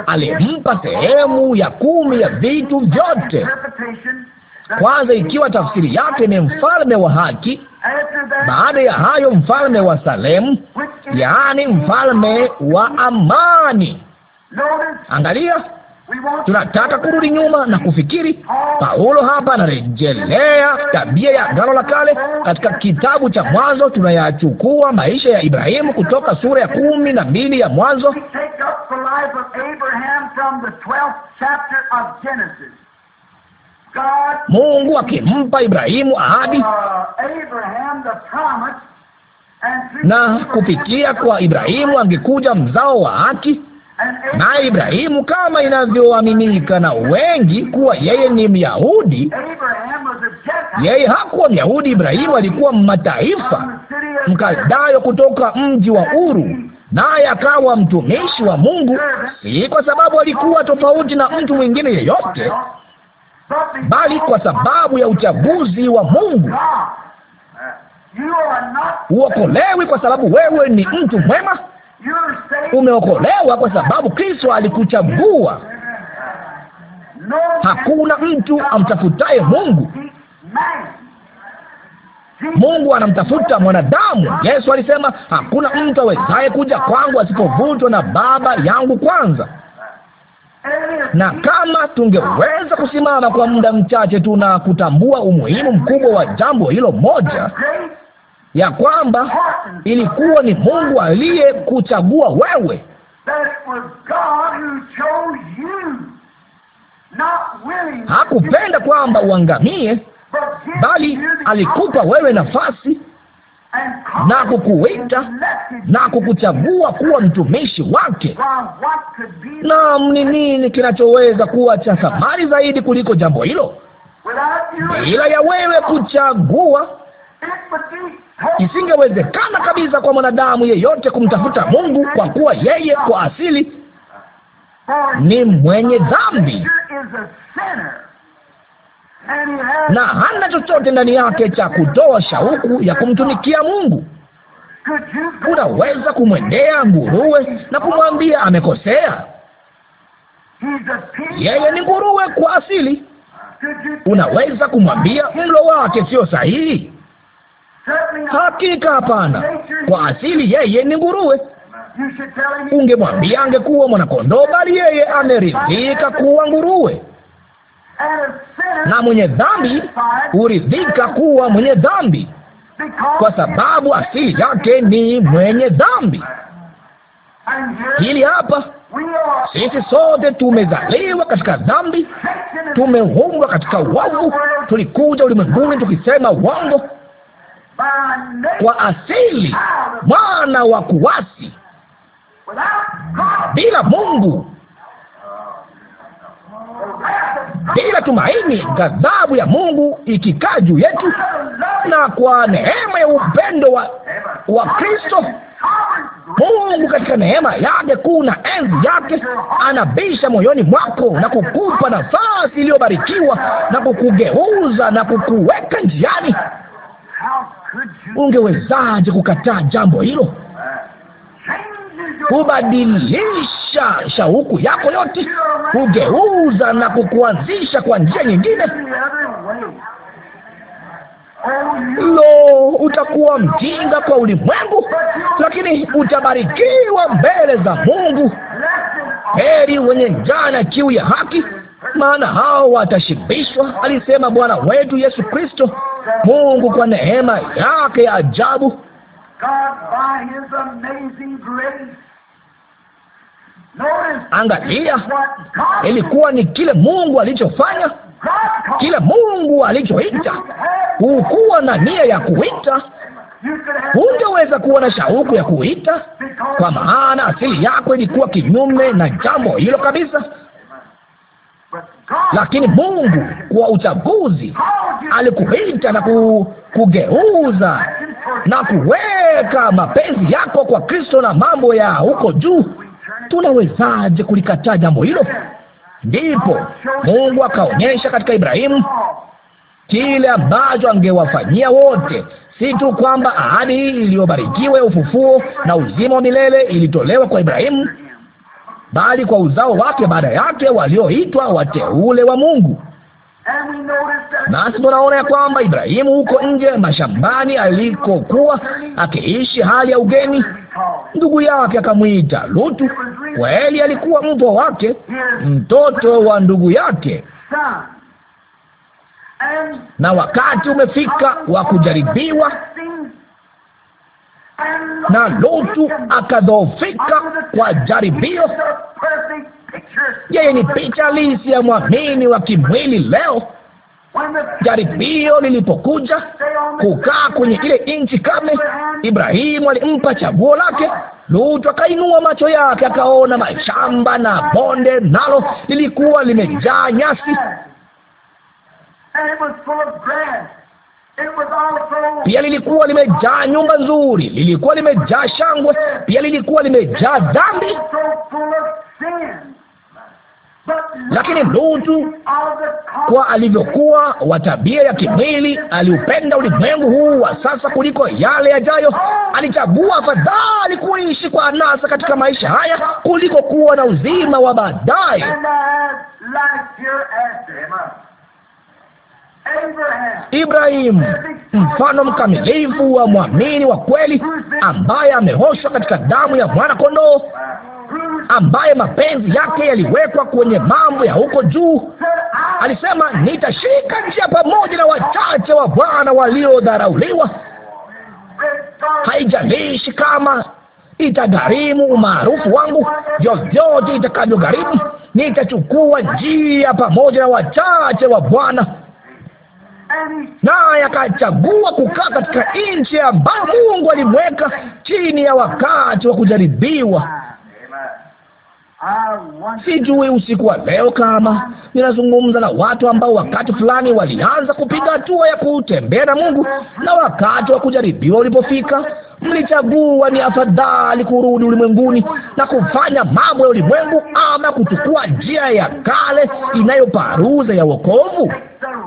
alimpa sehemu ya kumi ya vitu vyote. Kwanza, ikiwa tafsiri yake ni mfalme wa haki. Baada ya hayo, mfalme wa Salemu, yaani mfalme wa amani. Angalia Tunataka kurudi nyuma na kufikiri. Paulo hapa anarejelea tabia ya Agano la Kale katika kitabu cha Mwanzo. Tunayachukua maisha ya Ibrahimu kutoka sura ya kumi na mbili ya Mwanzo Mungu akimpa Ibrahimu ahadi na kupitia kwa Ibrahimu angekuja mzao wa haki na Ibrahimu kama inavyoaminika na wengi kuwa yeye ni Myahudi. Yeye hakuwa Myahudi. Ibrahimu alikuwa mataifa, Mkaldayo kutoka mji wa Uru, naye akawa mtumishi wa Mungu, si kwa sababu alikuwa tofauti na mtu mwingine yeyote, bali kwa sababu ya uchaguzi wa Mungu. uokolewi kwa sababu wewe ni mtu mwema Umeokolewa kwa sababu Kristo alikuchagua. Hakuna mtu amtafutaye Mungu, Mungu anamtafuta mwanadamu. Yesu alisema, hakuna mtu awezaye kuja kwangu asipovutwa na Baba yangu kwanza. Na kama tungeweza kusimama kwa muda mchache tu na kutambua umuhimu mkubwa wa jambo hilo moja ya kwamba ilikuwa ni Mungu aliyekuchagua wewe hakupenda kwamba uangamie, bali alikupa wewe nafasi na kukuita na kukuchagua kuwa mtumishi wake. Na ni nini kinachoweza kuwa cha thamani zaidi kuliko jambo hilo? Bila ya wewe kuchagua Isingewezekana kabisa kwa mwanadamu yeyote kumtafuta Mungu, kwa kuwa yeye kwa asili ni mwenye dhambi na hana chochote ndani yake cha kutoa shauku ya kumtumikia Mungu. Unaweza kumwendea nguruwe na kumwambia amekosea. Yeye ni nguruwe kwa asili. Unaweza kumwambia mlo wake sio sahihi. Hakika hapana. Kwa asili yeye ni nguruwe. Ungemwambia angekuwa mwanakondoo, bali yeye ameridhika kuwa nguruwe, na mwenye dhambi huridhika kuwa mwenye dhambi, kwa sababu asili yake ni mwenye dhambi. Hili hapa sisi sote tumezaliwa katika dhambi, tumeumbwa katika wavu. Tulikuja ulimwenguni tukisema uongo, kwa asili, mwana wa kuasi, bila Mungu, bila tumaini, ghadhabu ya Mungu ikikaa juu yetu, na kwa neema ya upendo wa, wa Kristo Mungu katika neema yake kuu na enzi yake anabisha moyoni mwako na kukupa nafasi iliyobarikiwa na kukugeuza na kukuweka njiani. Ungewezaje kukataa jambo hilo? Kubadilisha shauku yako yote, kugeuza na kukuanzisha kwa njia nyingine. Lo, utakuwa mjinga kwa ulimwengu, lakini utabarikiwa mbele za Mungu. Heri wenye njaa na kiu ya haki, maana hao watashibishwa, alisema Bwana wetu Yesu Kristo. Mungu kwa neema yake ya ajabu Angalia, ilikuwa ni kile Mungu alichofanya, kile Mungu alichoita. Hukuwa na nia ya kuita, ungeweza kuwa na shauku ya kuita, kwa maana asili yako ilikuwa kinyume na jambo hilo kabisa. Lakini Mungu kwa uchaguzi alikuita na kugeuza na kuweka mapenzi yako kwa Kristo na mambo ya huko juu. Tunawezaje kulikataa jambo hilo? Ndipo Mungu akaonyesha katika Ibrahimu kile ambacho angewafanyia wote, si tu kwamba ahadi hii iliyobarikiwa ya ufufuo na uzima wa milele ilitolewa kwa Ibrahimu bali kwa uzao wake baada yake, walioitwa wateule wa Mungu. Nasi tunaona ya kwamba Ibrahimu huko nje mashambani alikokuwa akiishi hali ya ugeni, ndugu yake akamwita Lutu. Kweli alikuwa mpwa wake, mtoto wa ndugu yake, na wakati umefika wa kujaribiwa na Lutu akadhoofika kwa jaribio. Yeye ni picha halisi ya mwamini wa kimwili leo. Jaribio lilipokuja kukaa kwenye ile nchi kame, Ibrahimu alimpa chaguo lake. Lutu akainua macho yake akaona mashamba na bonde, nalo lilikuwa limejaa nyasi pia lilikuwa limejaa nyumba nzuri, lilikuwa limejaa shangwe, pia lilikuwa limejaa dhambi, lakini Lutu kwa alivyokuwa wa tabia ya kimwili, aliupenda ulimwengu huu wa sasa kuliko yale yajayo. Alichagua afadhali kuishi kwa anasa katika maisha haya kuliko kuwa na uzima wa baadaye. Ibrahimu, mfano mkamilifu wa mwamini wa kweli, ambaye ameoshwa katika damu ya mwana-kondoo, ambaye mapenzi yake yaliwekwa kwenye mambo ya huko juu. Alisema, nitashika njia pamoja na wachache wa Bwana waliodharauliwa. Haijalishi kama itagharimu umaarufu wangu, vyovyote itakavyogharimu, nitachukua njia pamoja na wachache wa Bwana naye akachagua kukaa katika nchi ya ambayo Mungu alimweka chini ya wakati wa kujaribiwa. Sijui usiku wa leo kama ninazungumza na watu ambao wakati fulani walianza kupiga hatua ya kutembea na Mungu, na wakati wa kujaribiwa ulipofika, mlichagua ni afadhali kurudi ulimwenguni na kufanya mambo ya ulimwengu ama kuchukua njia ya kale inayoparuza ya wokovu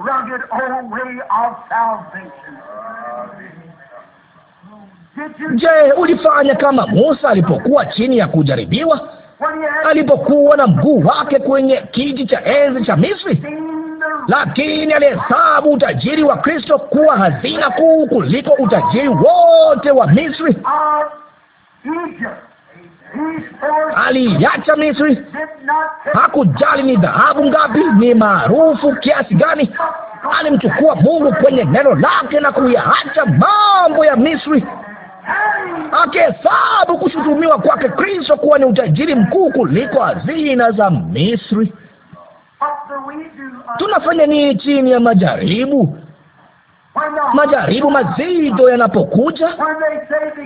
rugged old way of salvation. Je, ulifanya kama Musa alipokuwa chini ya kujaribiwa, alipokuwa na mguu wake kwenye kiti cha enzi cha Misri? Lakini alihesabu utajiri wa Kristo kuwa hazina kuu kuliko utajiri wote wa Misri aliacha Misri. Hakujali ni dhahabu ngapi, ni maarufu kiasi gani. Alimchukua Mungu kwenye neno lake na kuyaacha mambo ya Misri, akihesabu kushutumiwa kwake Kristo kuwa ni utajiri mkuu kuliko hazina za Misri. Tunafanya nini chini ya majaribu? Majaribu mazito yanapokuja,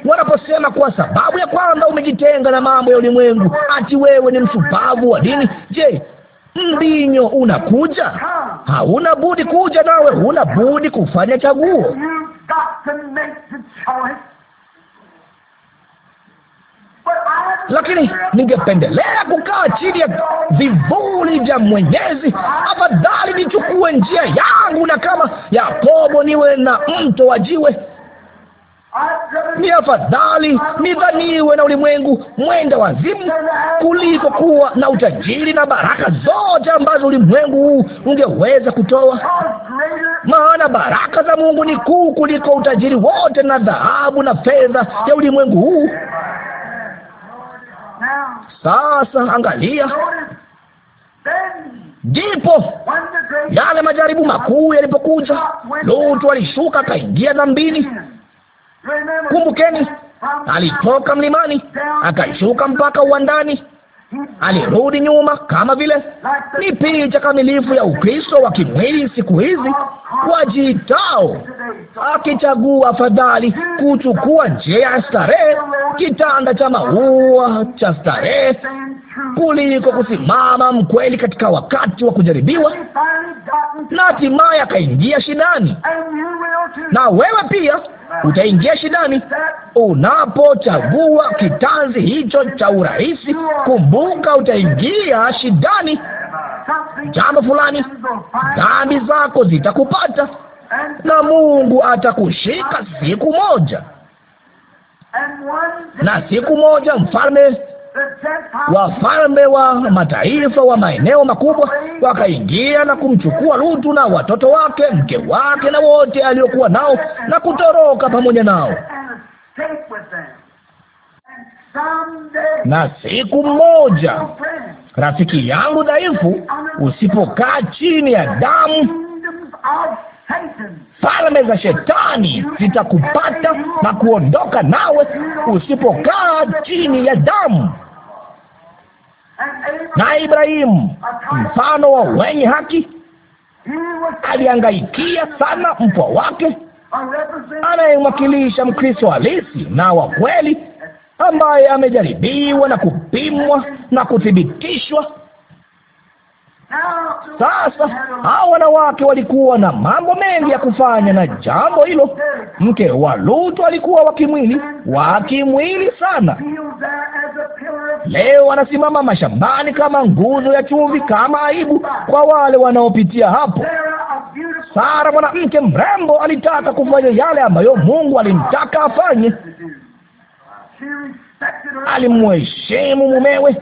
wanaposema kwa sababu ya kwamba umejitenga na mambo ya ulimwengu, ati wewe ni mshupavu wa dini. Je, mbinyo unakuja? Hauna budi kuja, nawe huna budi kufanya chaguo lakini ningependelea kukaa chini ya vivuli vya Mwenyezi. Afadhali nichukue njia yangu, na kama Yakobo niwe na mto wa jiwe. Ni afadhali nidhaniwe na ulimwengu mwenda wazimu kuliko kuwa na utajiri na baraka zote ambazo ulimwengu huu ungeweza kutoa, maana baraka za Mungu ni kuu kuliko utajiri wote na dhahabu na fedha ya ulimwengu huu. Sasa angalia, ndipo yale majaribu makuu yalipokuja. Lutu alishuka akaingia dhambini. Kumbukeni, alitoka mlimani akashuka mpaka uwandani alirudi nyuma, kama vile ni picha kamilifu ya Ukristo wa kimwili siku hizi, wajitao akichagua afadhali kuchukua njia ya starehe, kitanda cha maua cha starehe, kuliko kusimama mkweli katika wakati wa kujaribiwa, na hatimaye akaingia shidani Na wewe pia utaingia shidani unapochagua kitanzi hicho cha urahisi. Kumbuka, utaingia shidani. Jambo fulani, dhambi zako zitakupata na Mungu atakushika siku moja, na siku moja mfalme wafalme wa mataifa wa maeneo makubwa wakaingia na kumchukua Lutu na watoto wake, mke wake, na wote aliokuwa nao na kutoroka pamoja nao. Na siku moja, rafiki yangu dhaifu, usipokaa chini ya damu falme za Shetani zitakupata na kuondoka nawe, usipokaa chini ya damu na Ibrahimu mfano wa wenye haki aliangaikia sana mpwa wake, anayemwakilisha Mkristo halisi na wa kweli, ambaye amejaribiwa na kupimwa na kuthibitishwa sasa hao wanawake walikuwa na mambo mengi ya kufanya na jambo hilo. Mke wa Lutu alikuwa wa kimwili, wa kimwili sana. Leo anasimama mashambani kama nguzo ya chumvi, kama aibu kwa wale wanaopitia hapo. Sara, mwanamke mrembo, alitaka kufanya yale ambayo Mungu alimtaka afanye alimheshimu mumewe,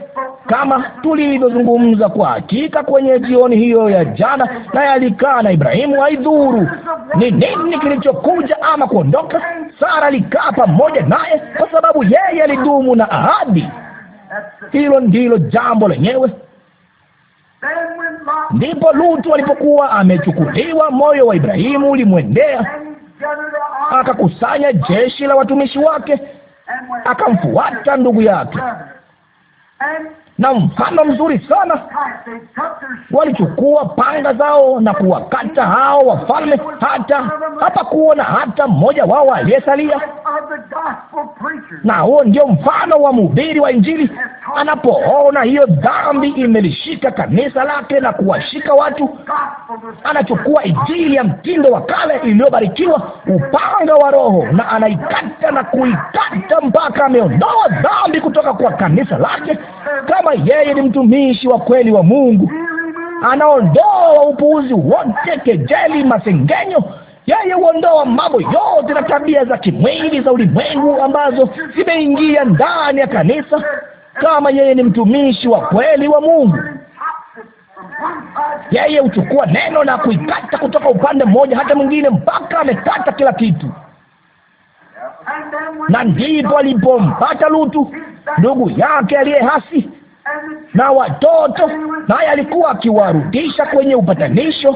kama tulivyozungumza kwa hakika kwenye jioni hiyo ya jana, naye alikaa na Ibrahimu. Haidhuru ni nini kilichokuja ama kuondoka, Sara alikaa pamoja naye, kwa sababu yeye alidumu na ahadi. Hilo ndilo jambo lenyewe. Ndipo Lutu alipokuwa amechukuliwa, moyo wa Ibrahimu ulimwendea, akakusanya jeshi la watumishi wake akamfuata ndugu yake na mfano mzuri sana. Walichukua panga zao na kuwakata hao wafalme, hata hapakuona hata mmoja wao aliyesalia. Na huo ndio mfano wa mhubiri wa Injili, anapoona hiyo dhambi imelishika kanisa lake na kuwashika watu, anachukua Injili ya mtindo wa kale iliyobarikiwa, upanga wa Roho, na anaikata na kuikata mpaka ameondoa dhambi kutoka kwa kanisa lake kama yeye ni mtumishi wa kweli wa Mungu, anaondoa upuuzi wote, kejeli, masengenyo yeye huondoa mambo yote na tabia za kimwili za ulimwengu ambazo zimeingia ndani ya kanisa, kama yeye ni mtumishi wa kweli wa Mungu. Yeye huchukua neno na kuikata kutoka upande mmoja hata mwingine, mpaka amekata kila kitu. Na ndipo alipompata Lutu, ndugu yake aliye hasi na watoto, naye alikuwa akiwarudisha kwenye upatanisho.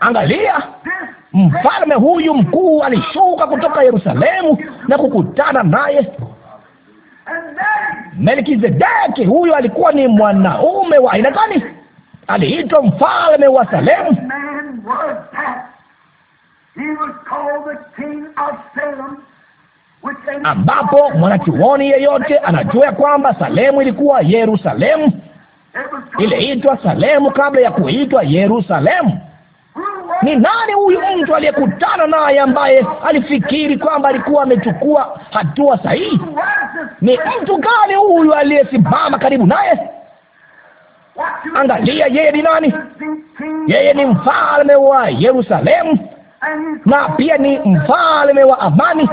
Angalia, mfalme huyu mkuu alishuka kutoka Yerusalemu na kukutana naye Melkizedeki. Huyu alikuwa ni mwanaume wa aina gani? Aliitwa mfalme wa Salemu ambapo mwanachuoni yeyote anajua ya kwamba Salemu ilikuwa Yerusalemu. Iliitwa Salemu kabla ya kuitwa Yerusalemu. Ni nani huyu mtu aliyekutana naye ambaye alifikiri kwamba alikuwa amechukua hatua sahihi? Ni mtu gani huyu aliyesimama karibu naye? Angalia, yeye ni nani? Yeye ni mfalme wa Yerusalemu na pia ni mfalme wa amani.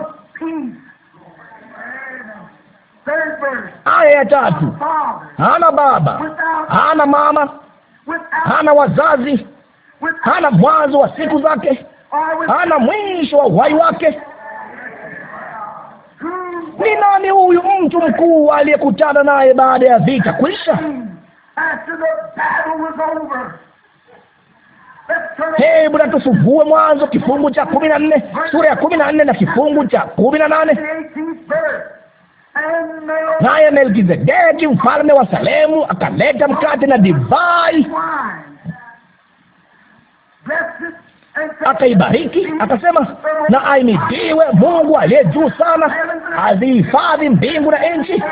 Aya ya tatu, hana baba, hana mama, hana wazazi, hana mwanzo wa siku zake, hana mwisho wa uhai wake. Ni nani huyu mtu mkuu aliyekutana naye baada ya vita kwisha? Hebu na tufungue Mwanzo kifungu cha kumi na nne sura ya kumi na nne na kifungu cha kumi na nane naye Melkizedeki mfalme wa Salemu akaleta mkate na divai, akaibariki akasema, na aimidiwe Mungu aliye juu sana, azihifadhi mbingu na nchi,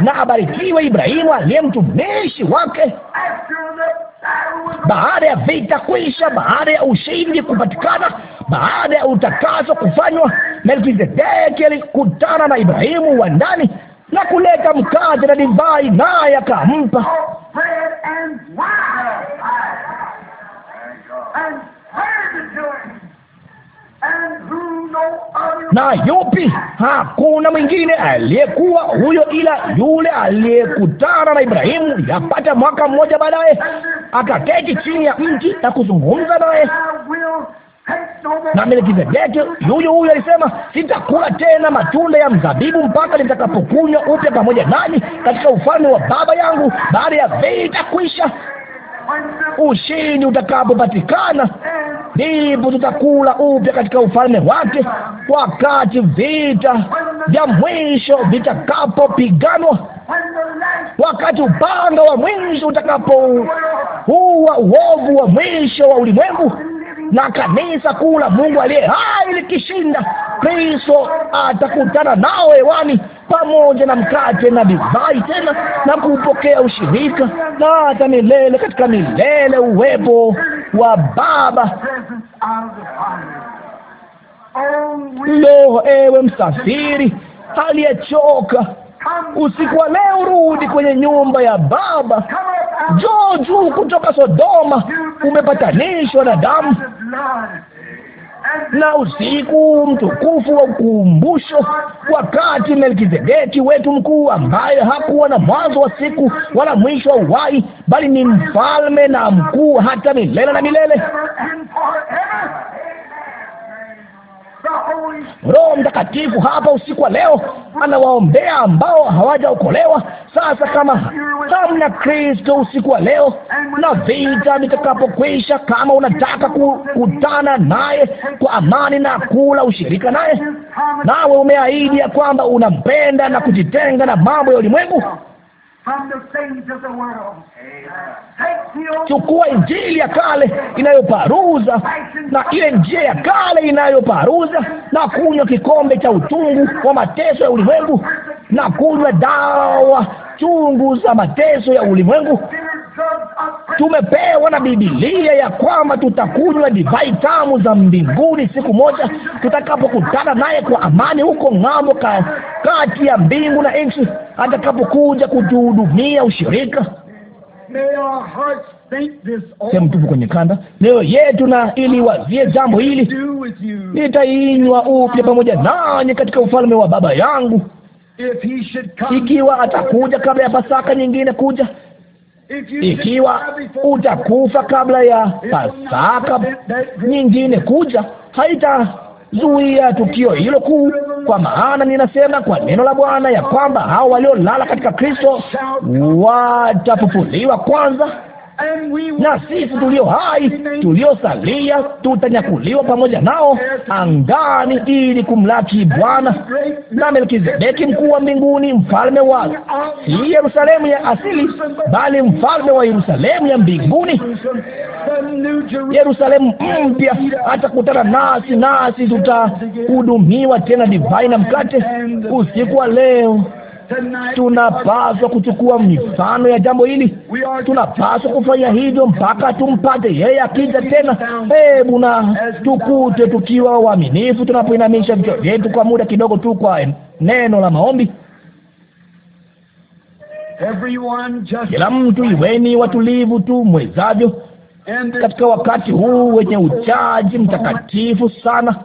na abarikiwe Ibrahimu aliye mtumishi wake baada ya vita kuisha, baada ya ushindi kupatikana, baada ya utakaso kufanywa, Melkizedeki alikutana na Ibrahimu wa ndani na kuleta mkate na divai, naye akampa na yupi? Hakuna mwingine aliyekuwa huyo ila yule aliyekutana na Ibrahimu yapata mwaka mmoja baadaye, akaketi chini ya mti na kuzungumza naye na Melkizedeki yuyu huyu alisema, sitakula tena matunda ya mzabibu mpaka nitakapokunywa upya pamoja nani katika ufalme wa baba yangu baada ya vita kuisha. Ushindi utakapopatikana, ndipo tutakula upya katika ufalme wake, wakati vita vya mwisho vitakapopiganwa, wakati upanga wa mwisho utakapoua uovu wa mwisho wa ulimwengu na kanisa kuu la Mungu aliye hai likishinda, Kristo atakutana nao hewani pamoja na mkate na divai tena na kupokea ushirika na hata milele katika milele uwepo wa Baba. Lo, ewe msafiri aliyechoka usiku wa leo, rudi kwenye nyumba ya Baba. Njoo juu kutoka Sodoma, umepatanishwa na damu na usiku mtukufu wa ukumbusho, wakati Melkizedeki wetu mkuu, ambaye hakuwa na mwanzo wa siku wala mwisho wa uhai, bali ni mfalme na mkuu hata milele na milele. Roho Mtakatifu hapa usiku wa leo anawaombea ambao hawajaokolewa. Sasa kama hamna Kristo usiku wa leo na vita vitakapokwisha, kama unataka kukutana naye kwa amani na kula ushirika naye, nawe umeahidi ya kwamba unampenda na kujitenga na mambo ya ulimwengu Chukua injili ya kale inayoparuza na ile njia ya kale inayoparuza na kunywa kikombe cha utungu wa mateso ya ulimwengu na kunywa dawa chungu za mateso ya ulimwengu tumepewa na Bibilia ya kwamba tutakunywa divai tamu za mbinguni siku moja tutakapokutana naye kwa amani huko ng'ambo, ka, kati ya mbingu na nchi, atakapokuja kutuhudumia ushirika sehemu tupu kwenye kanda leo yetu, na ili wazie jambo hili, nitainywa upya pamoja nanyi katika ufalme wa Baba yangu, ikiwa atakuja kabla ya Pasaka nyingine kuja ikiwa utakufa kabla ya Pasaka nyingine kuja, haitazuia tukio hilo kuu, kwa maana ninasema kwa neno la Bwana ya kwamba hao waliolala katika Kristo watafufuliwa kwanza na sisi tulio hai tuliosalia tutanyakuliwa pamoja nao angani ili kumlaki Bwana. Na Melkizedeki mkuu wa mbinguni, mfalme wa si Yerusalemu ya asili, bali mfalme wa Yerusalemu ya mbinguni, Yerusalemu mpya, atakutana nasi, nasi tutahudumiwa tena divai na mkate usiku wa leo. Tunapaswa kuchukua mifano ya jambo hili, tunapaswa kufanya hivyo mpaka tumpate yeye akija tena. Hebu na tukute tukiwa waaminifu, tunapoinamisha vichwa vyetu kwa muda kidogo tu kwa neno la maombi. Kila mtu iweni watulivu tu mwezavyo katika wakati huu wenye uchaji mtakatifu sana.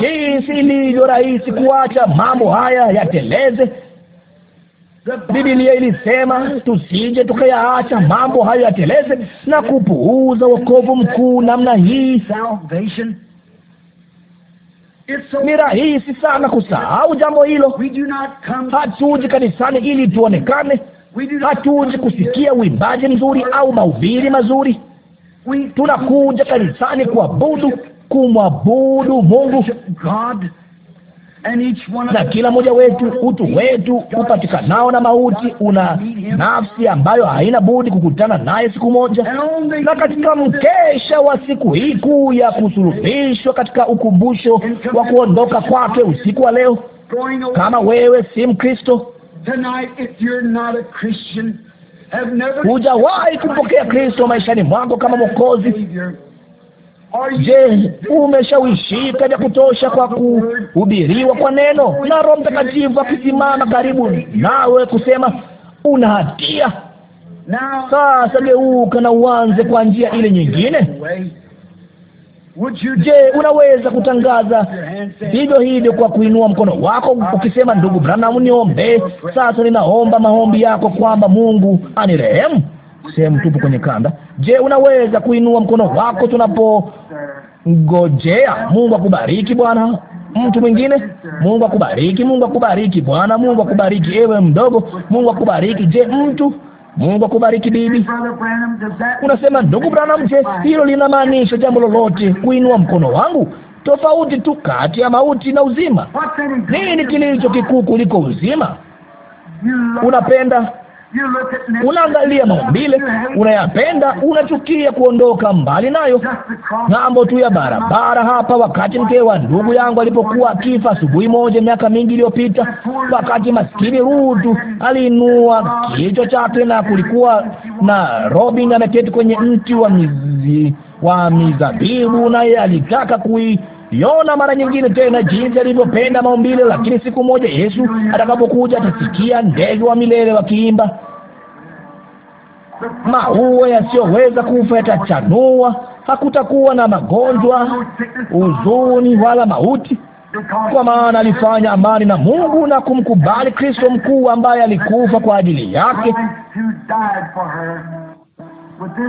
Jinsi ilivyo rahisi kuacha mambo haya yateleze Bibilia ilisema tusije tukayaacha mambo hayo yateleze na kupuuza wokovu mkuu namna hii. Ni rahisi sana kusahau jambo hilo. Hatuji kanisani ili tuonekane, hatuji kusikia uimbaji mzuri au mahubiri mazuri. Tunakuja kanisani kuabudu, kumwabudu Mungu na kila mmoja wetu, utu wetu upatikanao na mauti, una nafsi ambayo haina budi kukutana naye siku moja. Na katika mkesha wa siku hii kuu ya kusulubishwa, katika ukumbusho wa kuondoka kwake usiku wa leo, kama wewe si Mkristo, hujawahi kumpokea Kristo maishani mwako kama Mwokozi Je, umeshawishika vya kutosha kwa kuhubiriwa kwa neno na Roho Mtakatifu akisimama karibu nawe kusema una hatia? Sasa geuka na uanze kwa njia ile nyingine. Je, unaweza kutangaza hivyo hivyo kwa kuinua mkono wako ukisema, ndugu Branham, niombee. Sasa ninaomba maombi yako kwamba Mungu anirehemu sehemu tupu kwenye kanda. Je, unaweza kuinua mkono wako tunapongojea? Mungu akubariki Bwana. Mtu mwingine, Mungu akubariki, Mungu akubariki Bwana, Mungu akubariki ewe mdogo, Mungu akubariki. Je, mtu Mungu akubariki bibi. Unasema ndugu Branham, je, hilo linamaanisha jambo lolote kuinua mkono wangu? Tofauti tu kati ya mauti na uzima. Nini kilicho kikuu kuliko uzima? Unapenda unaangalia maumbile, unayapenda, unachukia kuondoka mbali nayo. Ng'ambo tu ya barabara hapa, wakati mke wa ndugu yangu alipokuwa akifa asubuhi moja miaka mingi iliyopita, wakati maskini Rutu aliinua kichwa chake, na kulikuwa na Robin ameketi kwenye mti wa mizi wa mizabibu, naye alitaka kui Yona mara nyingine tena jinsi alivyopenda maumbile, lakini siku moja Yesu atakapokuja atasikia ndege wa milele wakiimba, maua yasiyoweza kufa yatachanua, hakutakuwa na magonjwa, huzuni wala mauti, kwa maana alifanya amani na Mungu na kumkubali Kristo mkuu ambaye alikufa kwa ajili yake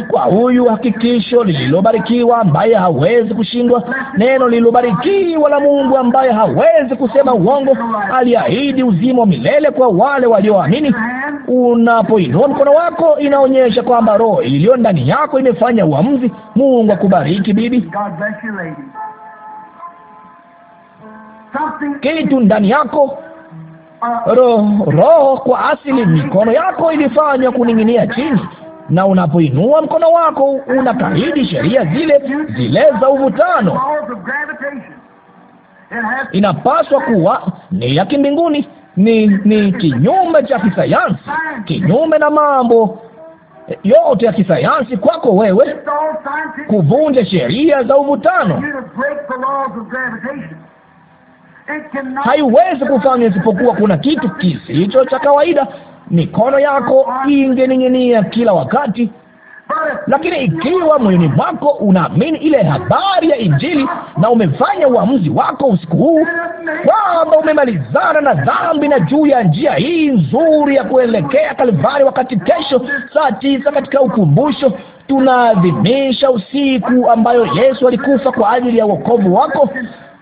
kwa huyu hakikisho lililobarikiwa ambaye hawezi kushindwa, neno lililobarikiwa la Mungu ambaye hawezi kusema uongo. Aliahidi uzima wa milele kwa wale walioamini. Unapoinua mkono wako, inaonyesha kwamba roho iliyo ndani yako imefanya uamuzi. Mungu akubariki bibi. Kitu ndani yako roho, roho kwa asili, mikono yako ilifanya kuning'inia chini na unapoinua mkono wako unakaidi sheria zile zile za uvutano. Inapaswa kuwa ni ya kimbinguni, ni ni kinyume cha kisayansi, kinyume na mambo yote ya kisayansi kwako wewe kuvunja sheria za uvutano. Haiwezi kufanywa isipokuwa kuna kitu kisicho cha kawaida mikono yako ingening'inia kila wakati. Lakini ikiwa moyoni mwako unaamini ile habari ya Injili na umefanya uamuzi wako usiku huu kwamba umemalizana na dhambi na juu ya njia hii nzuri ya kuelekea Kalvari, wakati kesho saa tisa katika ukumbusho tunaadhimisha usiku ambayo Yesu alikufa kwa ajili ya wokovu wako,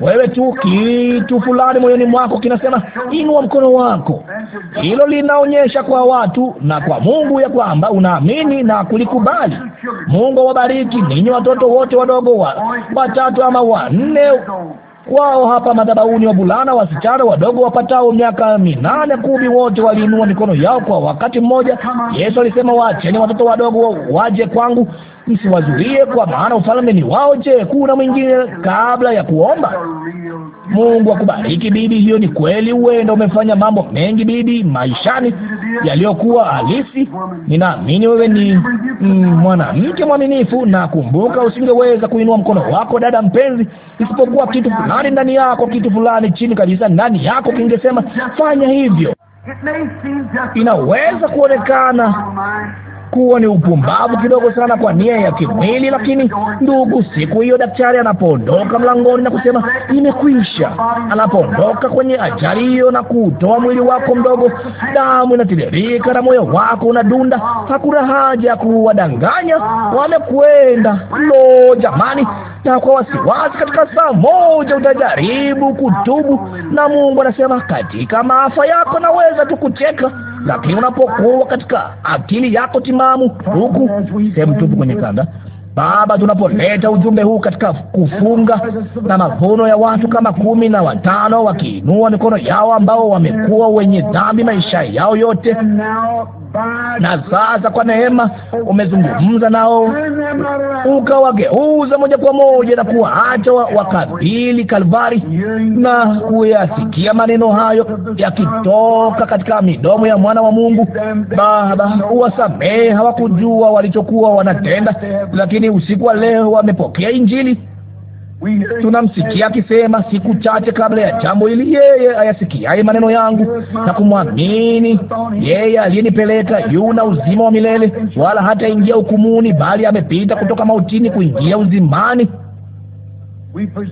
Wewe tu kitu fulani moyoni mwako kinasema inua mkono wako. Hilo linaonyesha kwa watu na kwa Mungu ya kwamba unaamini na kulikubali. Mungu awabariki ninyi watoto wote wadogo wa watatu ama wanne wao hapa madhabahuni, wavulana, wasichana wadogo wapatao miaka minane, kumi, wote waliinua mikono yao kwa wakati mmoja. Yesu alisema, waacheni watoto wadogo waje kwangu, msiwazuie, kwa maana ufalme ni wao. Je, kuna mwingine kabla ya kuomba? Mungu akubariki bibi. Hiyo ni kweli, huenda umefanya mambo mengi bibi maishani yaliyokuwa halisi. Ninaamini wewe ni mm, mwanamke mwaminifu, na kumbuka, usingeweza kuinua mkono wako dada mpenzi, isipokuwa kitu fulani ndani yako, kitu fulani chini kabisa ndani yako kingesema fanya hivyo. Inaweza kuonekana kuwa ni upumbavu kidogo sana kwa nia ya kimwili, lakini ndugu, siku hiyo daktari anapoondoka mlangoni na kusema imekwisha, anapoondoka kwenye ajali hiyo na kutoa mwili wako mdogo, damu inatiririka na moyo wako unadunda, hakuna haja ya kuwadanganya, wamekwenda. Lo, jamani! Na kwa wasiwasi, katika saa moja utajaribu kutubu, na Mungu anasema katika maafa yako naweza tukucheka lakini unapokuwa katika akili yako timamu, huku sehemu tupu kwenye kanda, Baba, tunapoleta ujumbe huu katika kufunga na mavuno ya watu kama kumi na watano wakiinua mikono yao ambao wamekuwa wenye dhambi maisha yao yote, na sasa kwa neema umezungumza nao ukawageuza moja kwa moja na kuwaacha wakabili Kalvari na kuyasikia maneno hayo yakitoka katika midomo ya mwana wa Mungu. Baba, uwasamehe, hawakujua walichokuwa wanatenda, lakini lakini usiku wa leo wamepokea Injili. Tunamsikia akisema siku chache kabla ya jambo hili, yeye ayasikiaye maneno yangu na kumwamini yeye aliyenipeleka yuna uzima wa milele, wala hata ingia hukumuni, bali amepita kutoka mautini kuingia uzimani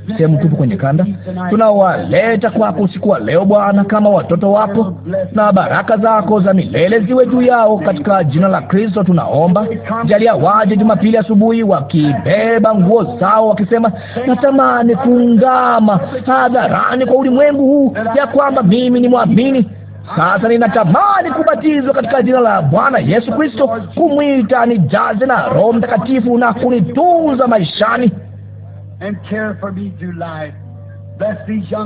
sehemu tupu kwenye kanda. Tunawaleta kwako usiku wa leo Bwana, kama watoto wako, na baraka zako za milele ziwe juu yao, katika jina la Kristo tunaomba. Jalia waje Jumapili asubuhi wakibeba nguo zao, wakisema natamani kuungama hadharani kwa ulimwengu huu ya kwamba mimi ni mwamini sasa ninatamani kubatizwa katika jina la Bwana Yesu Kristo, kumwita nijaze na Roho Mtakatifu na kunitunza maishani.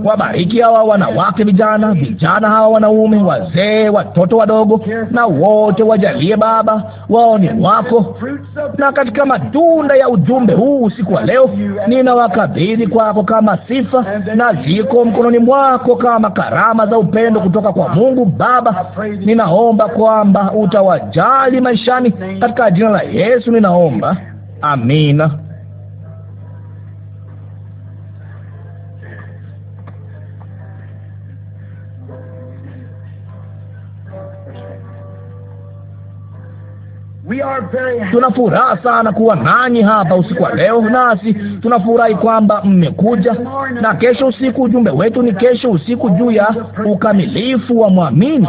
Wabariki hawa wanawake, vijana vijana, hawa wanaume, wazee, watoto wadogo, na wote wajalie, Baba, wao ni wako. Na katika matunda ya ujumbe huu usiku wa leo, ninawakabidhi kwako kama sifa, na ziko mkononi mwako kama karama za upendo kutoka kwa Mungu Baba. Ninaomba kwamba utawajali maishani, katika jina la Yesu ninaomba, amina. Tunafuraha sana kuwa nanyi hapa usiku wa leo, nasi tunafurahi kwamba mmekuja. Na kesho usiku, ujumbe wetu ni kesho usiku juu ya ukamilifu wa mwamini.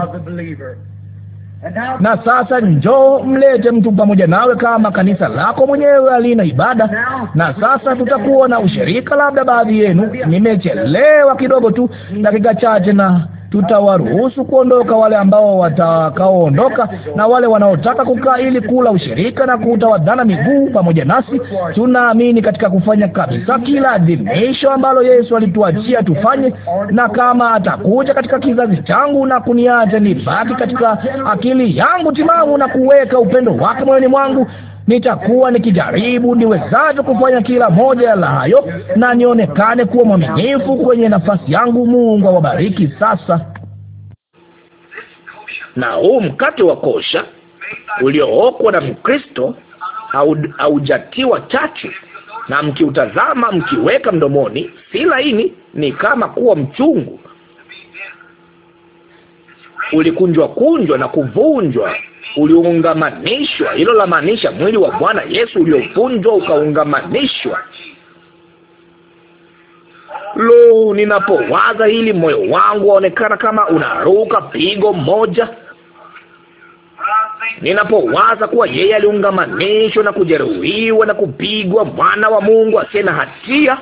Na sasa njoo mlete mtu pamoja nawe, kama kanisa lako mwenyewe alina ibada. Na sasa tutakuwa na ushirika, labda baadhi yenu. Nimechelewa kidogo tu, dakika chache na tutawaruhusu kuondoka wale ambao watakaoondoka na wale wanaotaka kukaa ili kula ushirika na kutawadhana miguu pamoja nasi. Tunaamini katika kufanya kabisa kila adhimisho ambalo Yesu alituachia tufanye, na kama atakuja katika kizazi changu na kuniacha nibaki katika akili yangu timamu na kuweka upendo wake moyoni mwangu nitakuwa nikijaribu niwezavyo kufanya kila moja la hayo na nionekane kuwa mwaminifu kwenye nafasi yangu. Mungu awabariki. Sasa na huu mkate wa kosha uliookwa na Mkristo haujatiwa chachu, na mkiutazama mkiweka mdomoni, si laini, ni kama kuwa mchungu ulikunjwa kunjwa na kuvunjwa, uliungamanishwa. Hilo la maanisha mwili wa Bwana Yesu uliovunjwa ukaungamanishwa. Lo, ninapowaza hili moyo wangu waonekana kama unaruka pigo moja. Ninapowaza kuwa yeye aliungamanishwa na kujeruhiwa na kupigwa, mwana wa Mungu asiye na hatia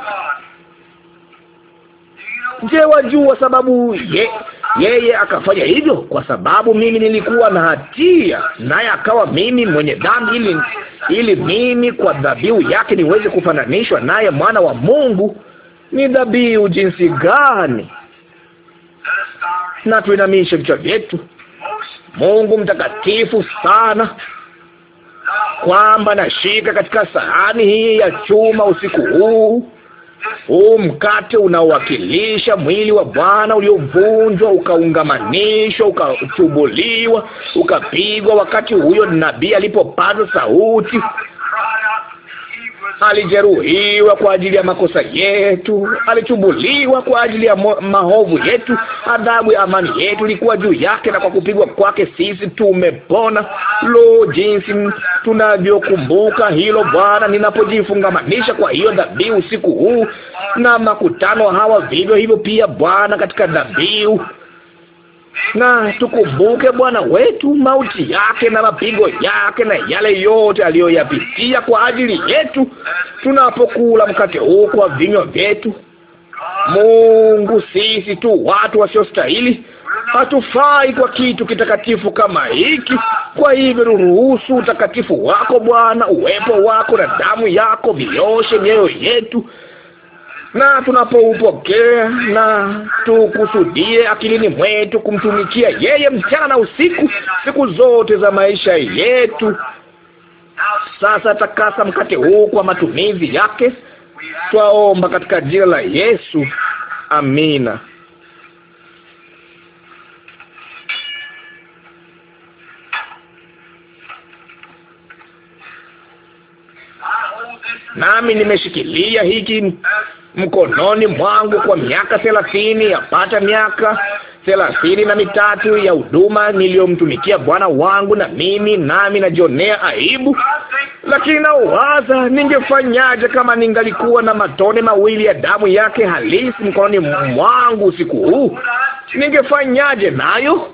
Je, wajua sababu ye yeye akafanya hivyo? Kwa sababu mimi nilikuwa na hatia, naye akawa mimi mwenye dhambi, ili ili mimi kwa dhabihu yake niweze kufananishwa naye. Mwana wa Mungu ni dhabihu jinsi gani! Na tuinamishe vichwa vyetu. Mungu mtakatifu sana, kwamba nashika katika sahani hii ya chuma usiku huu huu mkate unaowakilisha mwili wa Bwana uliovunjwa ukaungamanishwa ukachubuliwa ukapigwa. Wakati huyo nabii alipopaza sauti, alijeruhiwa kwa ajili ya makosa yetu, alichubuliwa kwa ajili ya maovu yetu. Adhabu ya amani yetu ilikuwa juu yake, na kwa kupigwa kwake sisi tumepona. Lo, jinsi tunavyokumbuka hilo Bwana, ninapojifungamanisha kwa hiyo dhabihu usiku huu na makutano hawa, vivyo hivyo pia Bwana, katika dhabihu na tukumbuke Bwana wetu mauti yake na mapigo yake na yale yote aliyoyapitia kwa ajili yetu, tunapokula mkate huu kwa vinywa vyetu. Mungu, sisi tu watu wasiostahili, hatufai kwa kitu kitakatifu kama hiki. Kwa hivyo ruhusu utakatifu wako Bwana, uwepo wako na damu yako vioshe mioyo yetu na tunapoupokea na tukusudie akilini mwetu kumtumikia yeye mchana na usiku siku zote za maisha yetu. Sasa takasa mkate huu kwa matumizi yake, twaomba katika jina la Yesu, amina. Nami nimeshikilia hiki mkononi mwangu kwa miaka thelathini, yapata miaka thelathini na mitatu ya huduma niliyomtumikia Bwana wangu, na mimi nami najionea aibu, lakini nawaza ningefanyaje kama ningalikuwa na matone mawili ya damu yake halisi mkononi mwangu usiku huu, ningefanyaje nayo?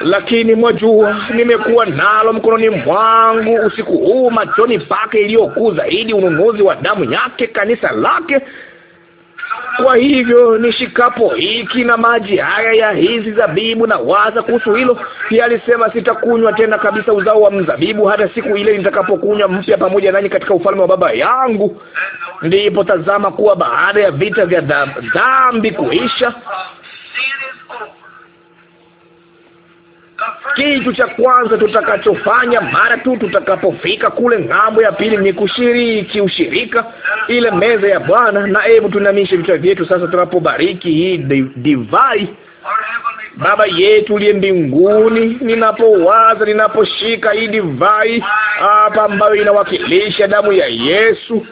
lakini mwajua, nimekuwa nalo mkononi mwangu usiku huu, machoni pake iliyokuu zaidi, ununuzi wa damu yake, kanisa lake. Kwa hivyo nishikapo hiki na maji haya ya hizi zabibu, na waza kuhusu hilo pia. Alisema, sitakunywa tena kabisa uzao wa mzabibu hata siku ile nitakapokunywa mpya pamoja nanyi katika ufalme wa Baba yangu. Ndipo tazama, kuwa baada ya vita vya dhambi kuisha kitu cha kwanza tutakachofanya mara tu tutakapofika kule ng'ambo ya pili ni kushiriki ushirika, ile meza ya Bwana. Na hebu tunamishe vichwa vyetu sasa, tunapobariki hii divai. Baba yetu uliye mbinguni, ninapowaza, ninaposhika hii divai hapa ambayo inawakilisha damu ya Yesu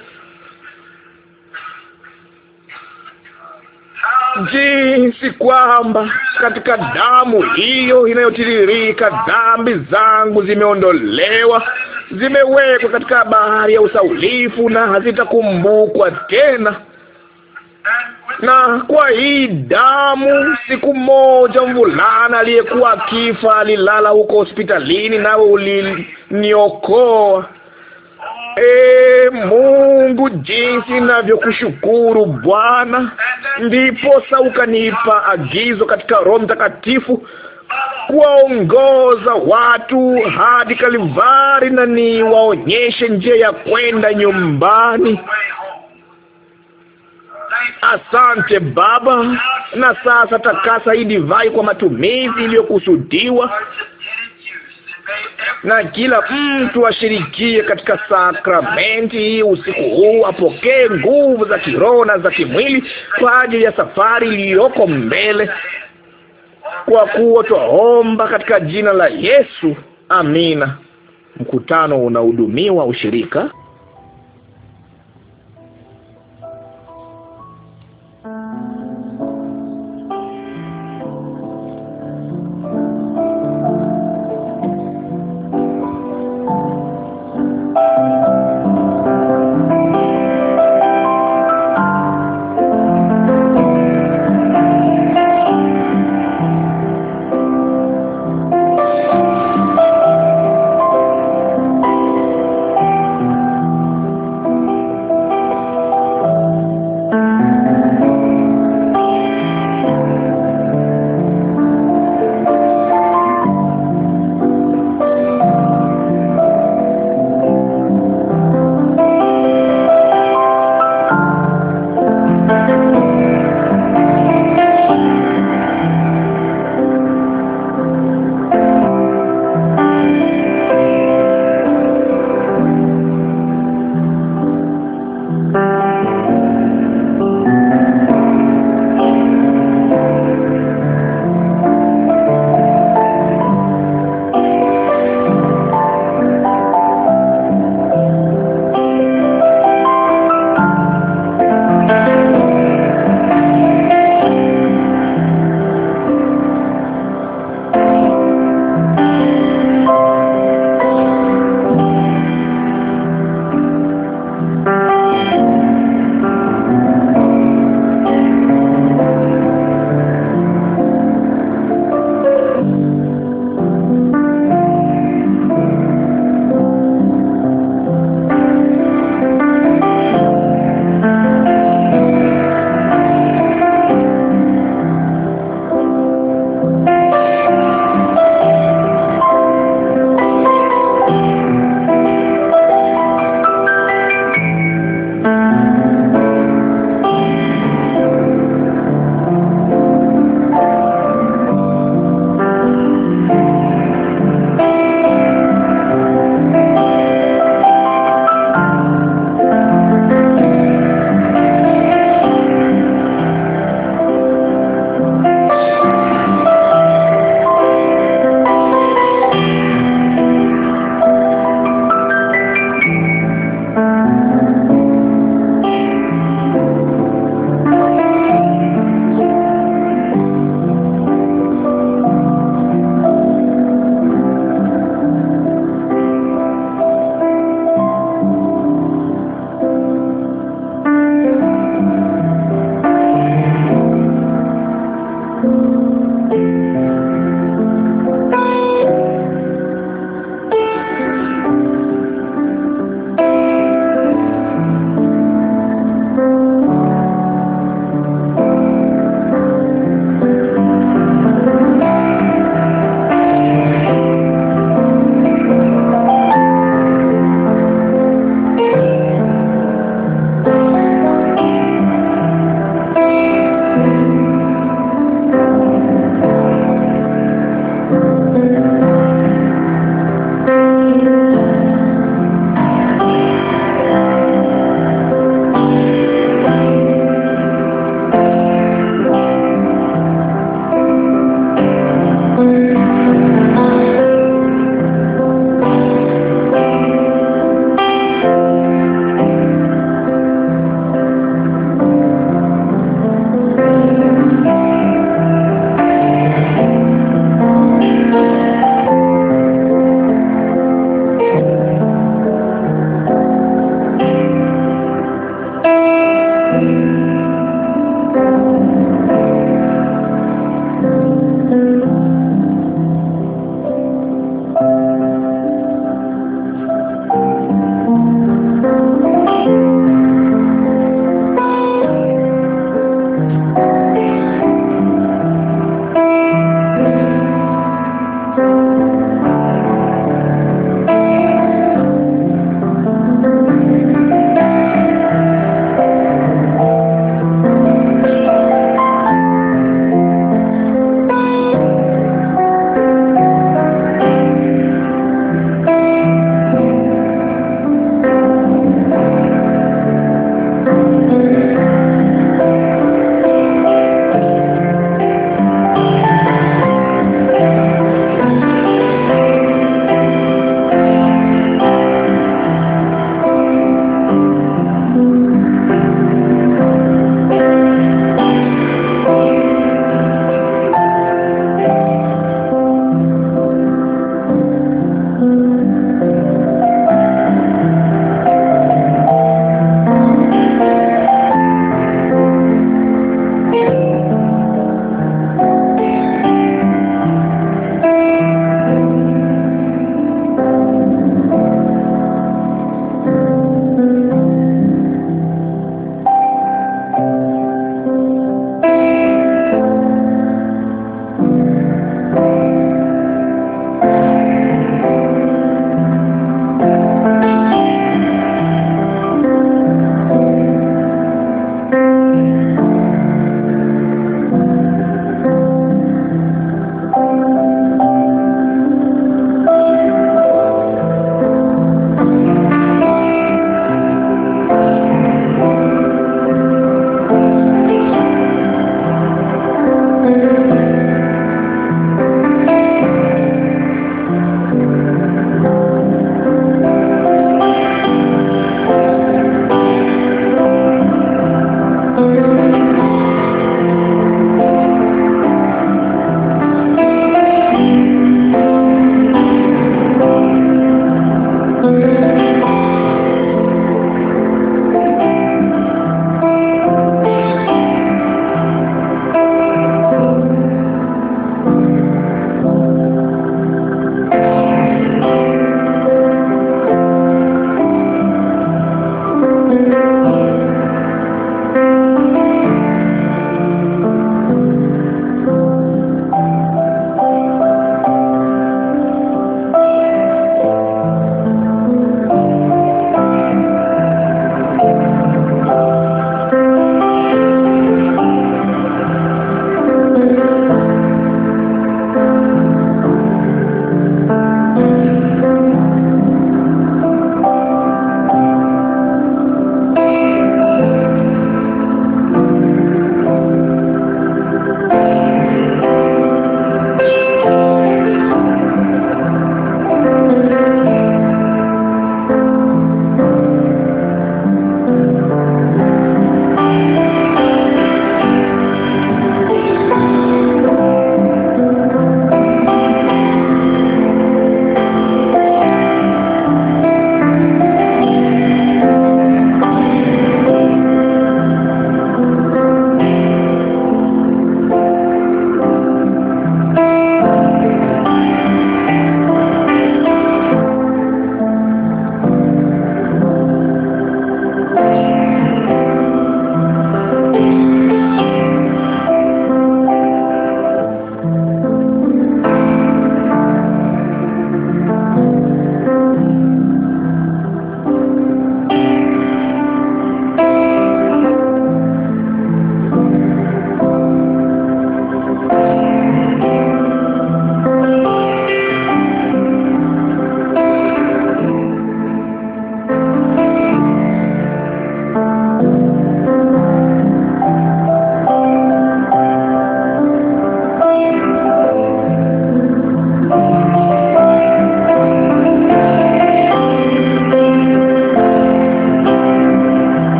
jinsi kwamba katika damu hiyo inayotiririka dhambi zangu zimeondolewa, zimewekwa katika bahari ya usaulifu na hazitakumbukwa tena. Na kwa hii damu, siku moja mvulana aliyekuwa akifa alilala huko hospitalini, nawe uliniokoa E Mungu, jinsi ninavyokushukuru Bwana. sa ukanipa agizo katika Roho Mtakatifu kuwaongoza watu hadi Kalivari na niwaonyeshe njia ya kwenda nyumbani. Asante Baba, na sasa takasa hii divai kwa matumizi iliyokusudiwa na kila mtu ashirikie katika sakramenti hii usiku huu apokee nguvu za kiroho na za kimwili kwa ajili ya safari iliyoko mbele, kwa kuwa twaomba katika jina la Yesu, amina. Mkutano unahudumiwa ushirika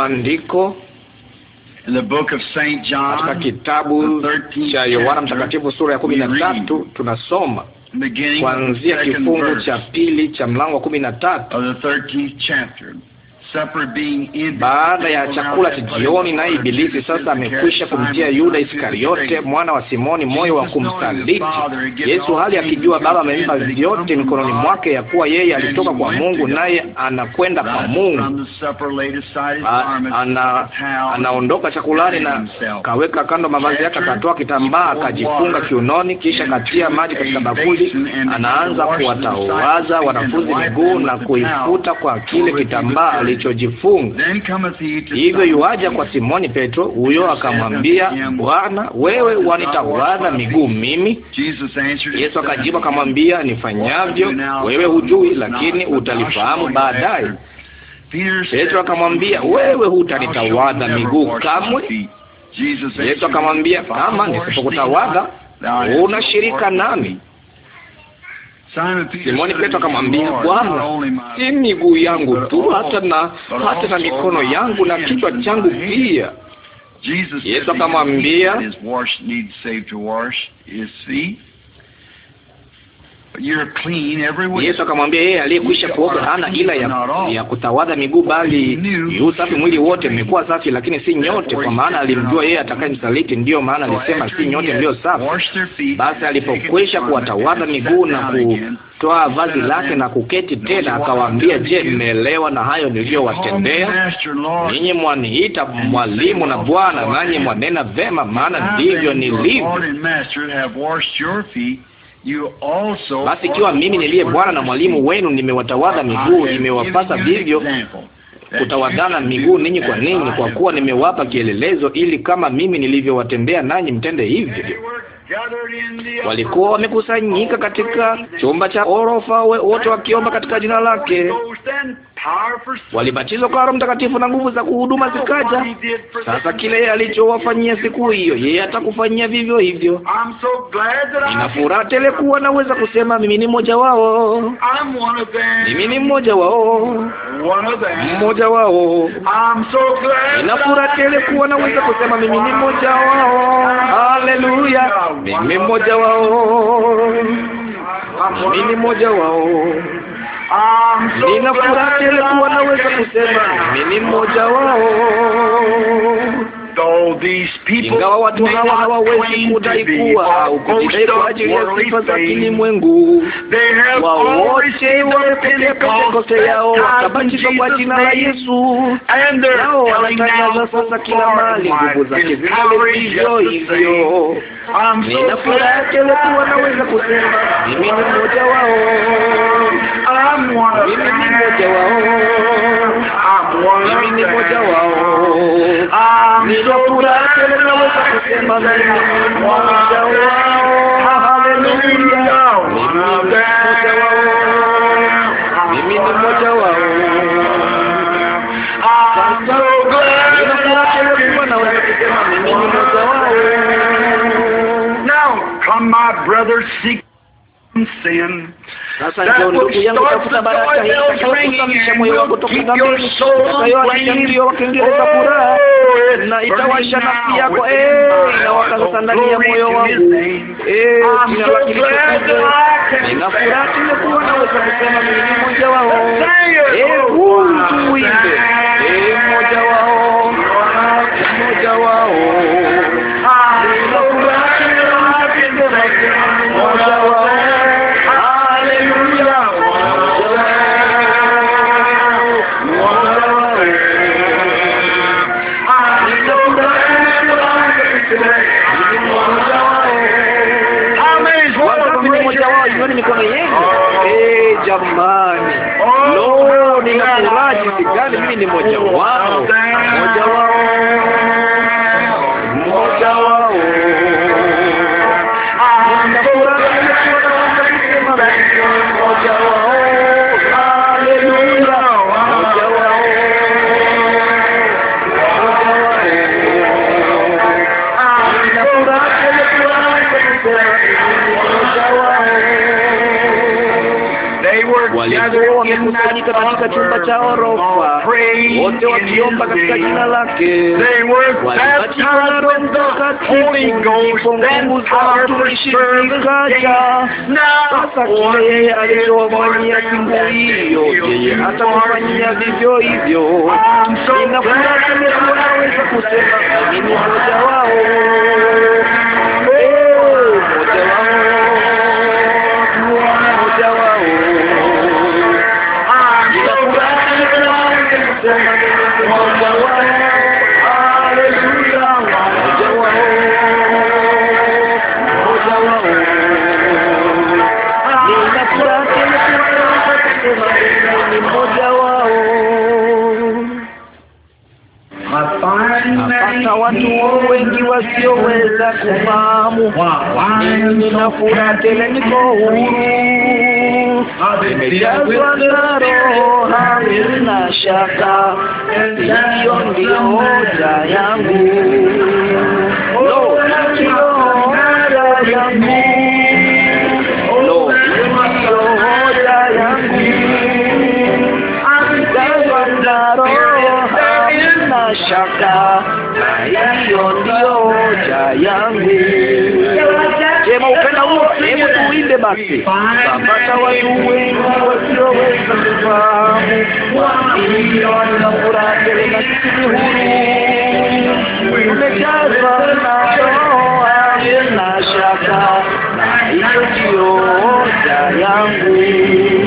maandiko katika kitabu cha Yohana Mtakatifu sura ya kumi na tatu tunasoma kuanzia kifungu cha pili cha mlango wa kumi na tatu baada ya chakula cha jioni, naye Ibilisi sasa amekwisha kumtia Yuda Iskariote mwana wa Simoni moyo wa kumsaliti Yesu, hali akijua Baba amempa vyote mikononi mwake, ya kuwa yeye alitoka kwa Mungu naye anakwenda kwa Mungu anaondoka chakulani na kaweka kando mavazi yake, akatoa kitambaa akajifunga kiunoni, kisha katia maji katika bakuli. Anaanza kuwatawaza wanafunzi miguu na kuifuta kwa kile kitambaa alichojifunga. Hivyo yuaja kwa Simoni Petro, huyo akamwambia, Bwana, wewe wanitawaza miguu mimi? Yesu akajibu akamwambia, nifanyavyo wewe hujui, lakini utalifahamu baadaye. Petro akamwambia, wewe hutanitawadha miguu kamwe. Yesu akamwambia, kama nisipokutawadha una shirika nami. Simoni Petro akamwambia, Bwana, si miguu yangu tu, hata na hata na mikono yangu na kichwa changu pia. Yesu akamwambia Yesu akamwambia yeye aliyekwisha kuoga hana ila ya, ya kutawadha miguu, bali yu safi mwili wote. Mmekuwa safi, lakini si nyote, kwa maana alimjua yeye atakayemsaliti. Ndiyo maana alisema si nyote mlio safi. Basi alipokwisha kuwatawadha miguu na kutoa vazi lake na kuketi tena, akawaambia, je, mmeelewa na hayo niliyowatendea ninyi? Mwaniita mwalimu na Bwana, nanyi mwanena vema, maana ndivyo nilivyo. Basi ikiwa mimi niliye Bwana na mwalimu wenu nimewatawadha miguu, imewapasa vivyo kutawadhana miguu ninyi kwa ninyi, kwa kuwa nimewapa kielelezo, ili kama mimi nilivyowatembea nanyi mtende hivyo. Walikuwa wamekusanyika katika chumba cha orofa, wote wakiomba katika jina lake walibatizwa kwa Roho Mtakatifu na nguvu za kuhuduma zikaja. Sasa kile alichowafanyia siku hiyo, yeye atakufanyia vivyo hivyo. Nina furaha tele kuwa naweza kusema mimi ni mmoja wao, mimi ni mmoja wao, mmoja wao. Nina furaha tele kuwa naweza kusema mimi ni mmoja wao. Haleluya, mimi mmoja wao, mimi ni mmoja wao. Nina furaha tele kuwa naweza kusema mimi mmoja wao ingawa watu hawa hawawezi kudai kuwa au kujidai kwa ajili ya sifa za kilimwengu, wao wote wamepokea Pentekoste yao wakabatizwa kwa jina la Yesu, nao wanatangaza sasa kila mahali nguvu zake zingine vivyo hivyo. Nina furaha tele kuwa naweza kusema mimi ni mmoja wao, mimi ni mmoja wao. mimi wao. naweza kusema mimi wao. Haleluya, wao, mimi ni wao. Now, come my brother, seek sin. Sasa ndio ndugu yangu, tafuta baraka hii itakayokusafisha moyo wako toka dhambini, itakayoacha wa Kiingereza furaha na itawasha nafsi yako inawaka sasa ya moyo wangu. Eh, jina lake litukuzwe. Ninafurahi tumekuwa naweza kusema mimi ni mmoja wao. 你摸讲话。katika chumba cha orofa, wote wakiomba katika jina lake, walibatizwa Roho Mtakatifu, nguvu za mtumishi zikaja. Sasa kile yeye alichowafanyia siku hiyo, yeye atamfanyia vivyo hivyo. Ninafurahi, naweza kusema mimi mmoja wao. tumamu wangu na furaha tele, niko huru, nimejazwa na Roho, hamna shaka. Hiyo ndiyo yangu, hoja yangu shaka na hiyo ndio yangu. Jema, upenda huo, hebu tuimbe basi. Tapata watu wengi wasioweza kufahamu, walio na furaha tele na sisi huru, na toa na shaka, na hiyo ndiyo oda yangu.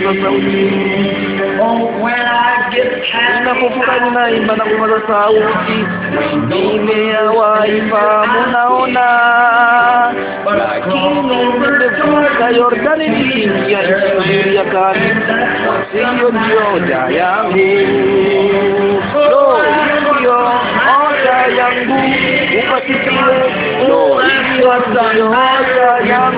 kupaza sauti, ninapofurahi naimba na kupaza sauti, nimewaifahamu naona, lakini nimevuka Yordani nikiingia nchi ya kati, yangu yangu hiyo yangu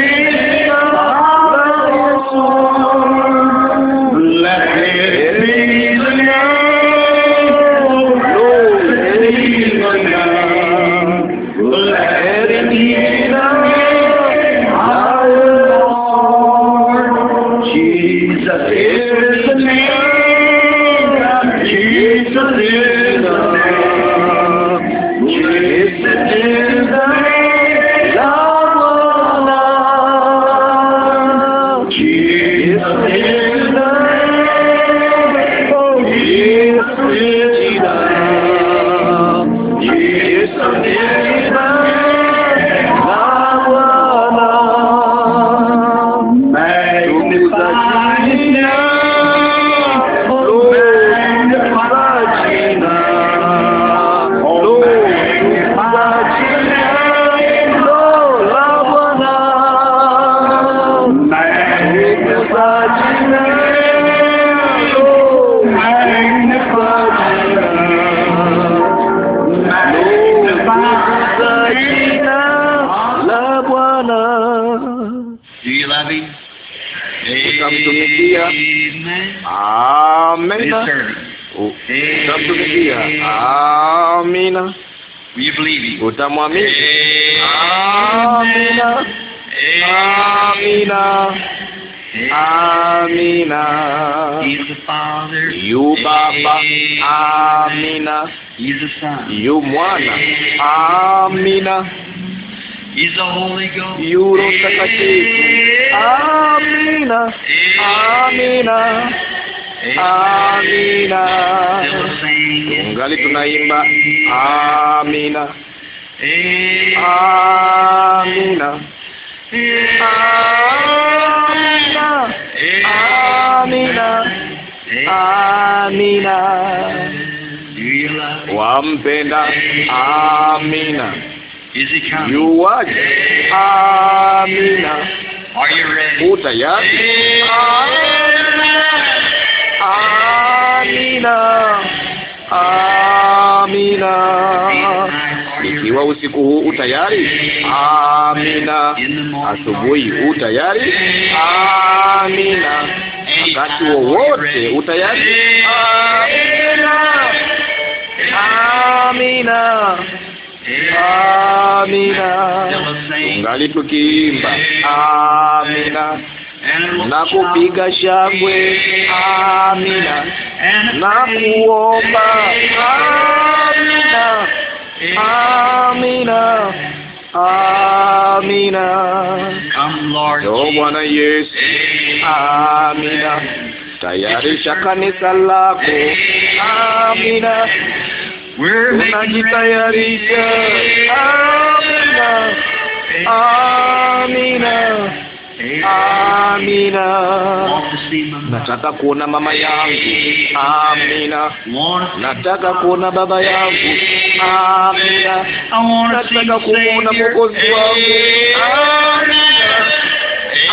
utamwamini. Amina, amina, amina. Yu Baba, amina. Yu Mwana, amina. Yu Roho Mtakatifu, amina, amina. Amina, tungali tunaimba amina. Amina. Amina. Amina. Amina. Wampenda. Amina. Yuwaje? Amina. Utayari? Amina. Amina. Ikiwa usiku huu utayari, amina. Asubuhi utayari, amina. Wakati wowote utayari, amina. Amina. Amina. Tungali tukiimba amina na kupiga shangwe amina na kuomba amina. Amina. Amina. Come, Lord. Oh, Bwana Yesu. Amina. Tayarisha kanisa lako. Amina. Unajitayarisha. Amina. Amina. Amina. Amina. Nataka kuona mama yangu. Amina. Nataka kuona baba yangu. Amina. Nataka kuona mwokozi wangu.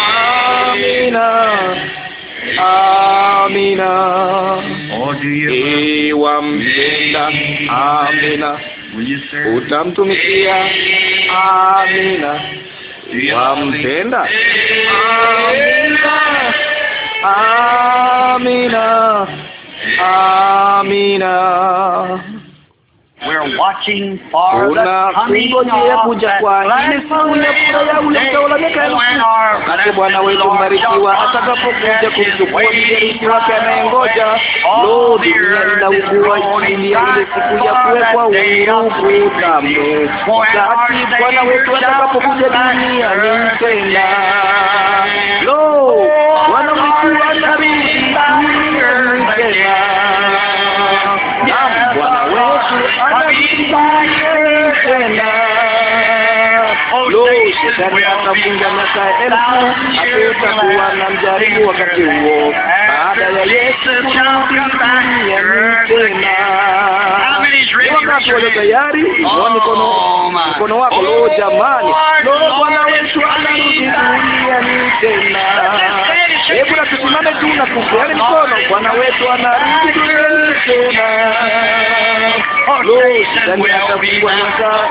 Amina. Amina. Amina. Wampenda. Amina. Utamtumikia. Amina wampenda. Amina, amina, amina tunangojea kuja kwa ile siku ya furaha ule mtawala miaka elfu naye Bwana wetu mbarikiwa atakapokuja kumchukua mjerisi wake anayengoja. Lo, dunia inaugua chini ya ile siku ya kuwekwa urugu na mlokati. Bwana wetu atakapokuja duniani tena. Lo, Bwana wetu atarudi duniani tena. Lo, shetani atafunga masaa elfu, hakutakuwa na mjaribu wakati huo baada ya Yesu tena wakati walio tayari na mikono mkono wako. Lo, jamani, lo, Bwana wetu anarudi duniani tena. Hebu na tusimame tu na kupeana mikono. Bwana wetu anarudi duniani tena nami atakuwa nasa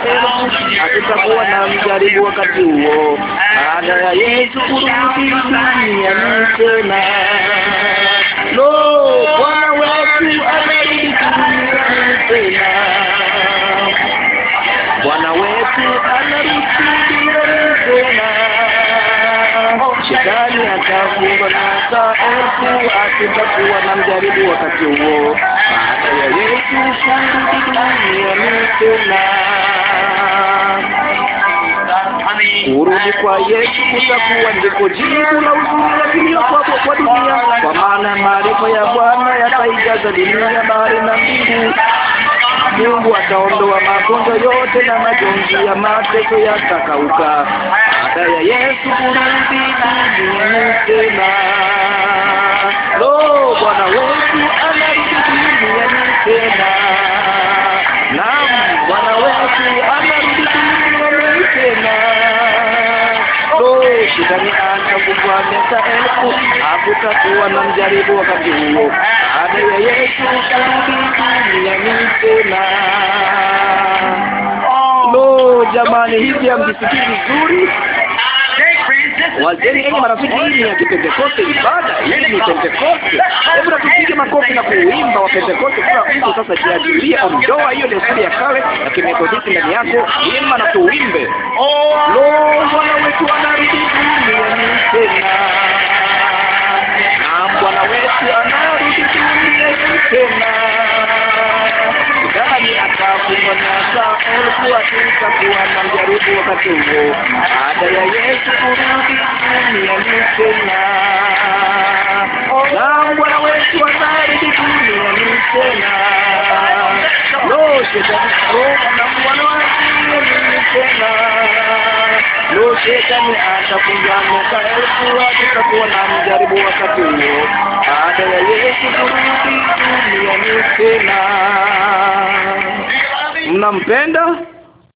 akitakuwa na mjaribu wakati huo, baada ya Yesu kurudi duniani tena. Lo, Bwana wetu amerudi duniani tena. Bwana wetu anarudi duniani tena akafunga hata elfu ashinda na mjaribu wakati huo. Baada ya Yesu kurudi duniani tena, kurudi kwa Yesu kutakuwa ndiko jibu la uzuri la kilio kwa dunia, kwa maana maarifa ya Bwana yataijaza dunia, bahari na mbingu. Mungu ataondoa magonjwa yote na majonzi ya mateso yatakauka ya Yesu kurudi duniani tena. Lo, Bwana wetu anarudi duniani tena. Naam, Bwana wetu anarudi duniani tena. Lo, shetani akakuvua miaka elfu hakutakuwa na mjaribu wakati huo, baada ya Yesu kurudi duniani tena. Lo, jamani, hivi hamjisikii vizuri? Wazeni enye marafiki, hii ni ya Kipentekoste, ibada hii ni Pentekoste. Hebu tupige makofi na kuimba wa Pentekoste. Kila mtu sasa jiajilia, ondoa hiyo desturi ya kale ya kimethodisti ndani yako, imba na tuimbe. Lo, Bwana wetu anarudi duniani tena, na Bwana wetu anarudi duniani tena Shetani akafunga na Saul kuwa sitakuwa na mjaribu wakati huo, baada ya Yesu kurudi dunia tena. Bwana wetu anarudi dunia tena. Lo, tena. Lo, shetani atakunjamuka elfu atutakuwa na mjaribu wakati huo, baada ya Yesu kurudi duniani tena. Mnampenda?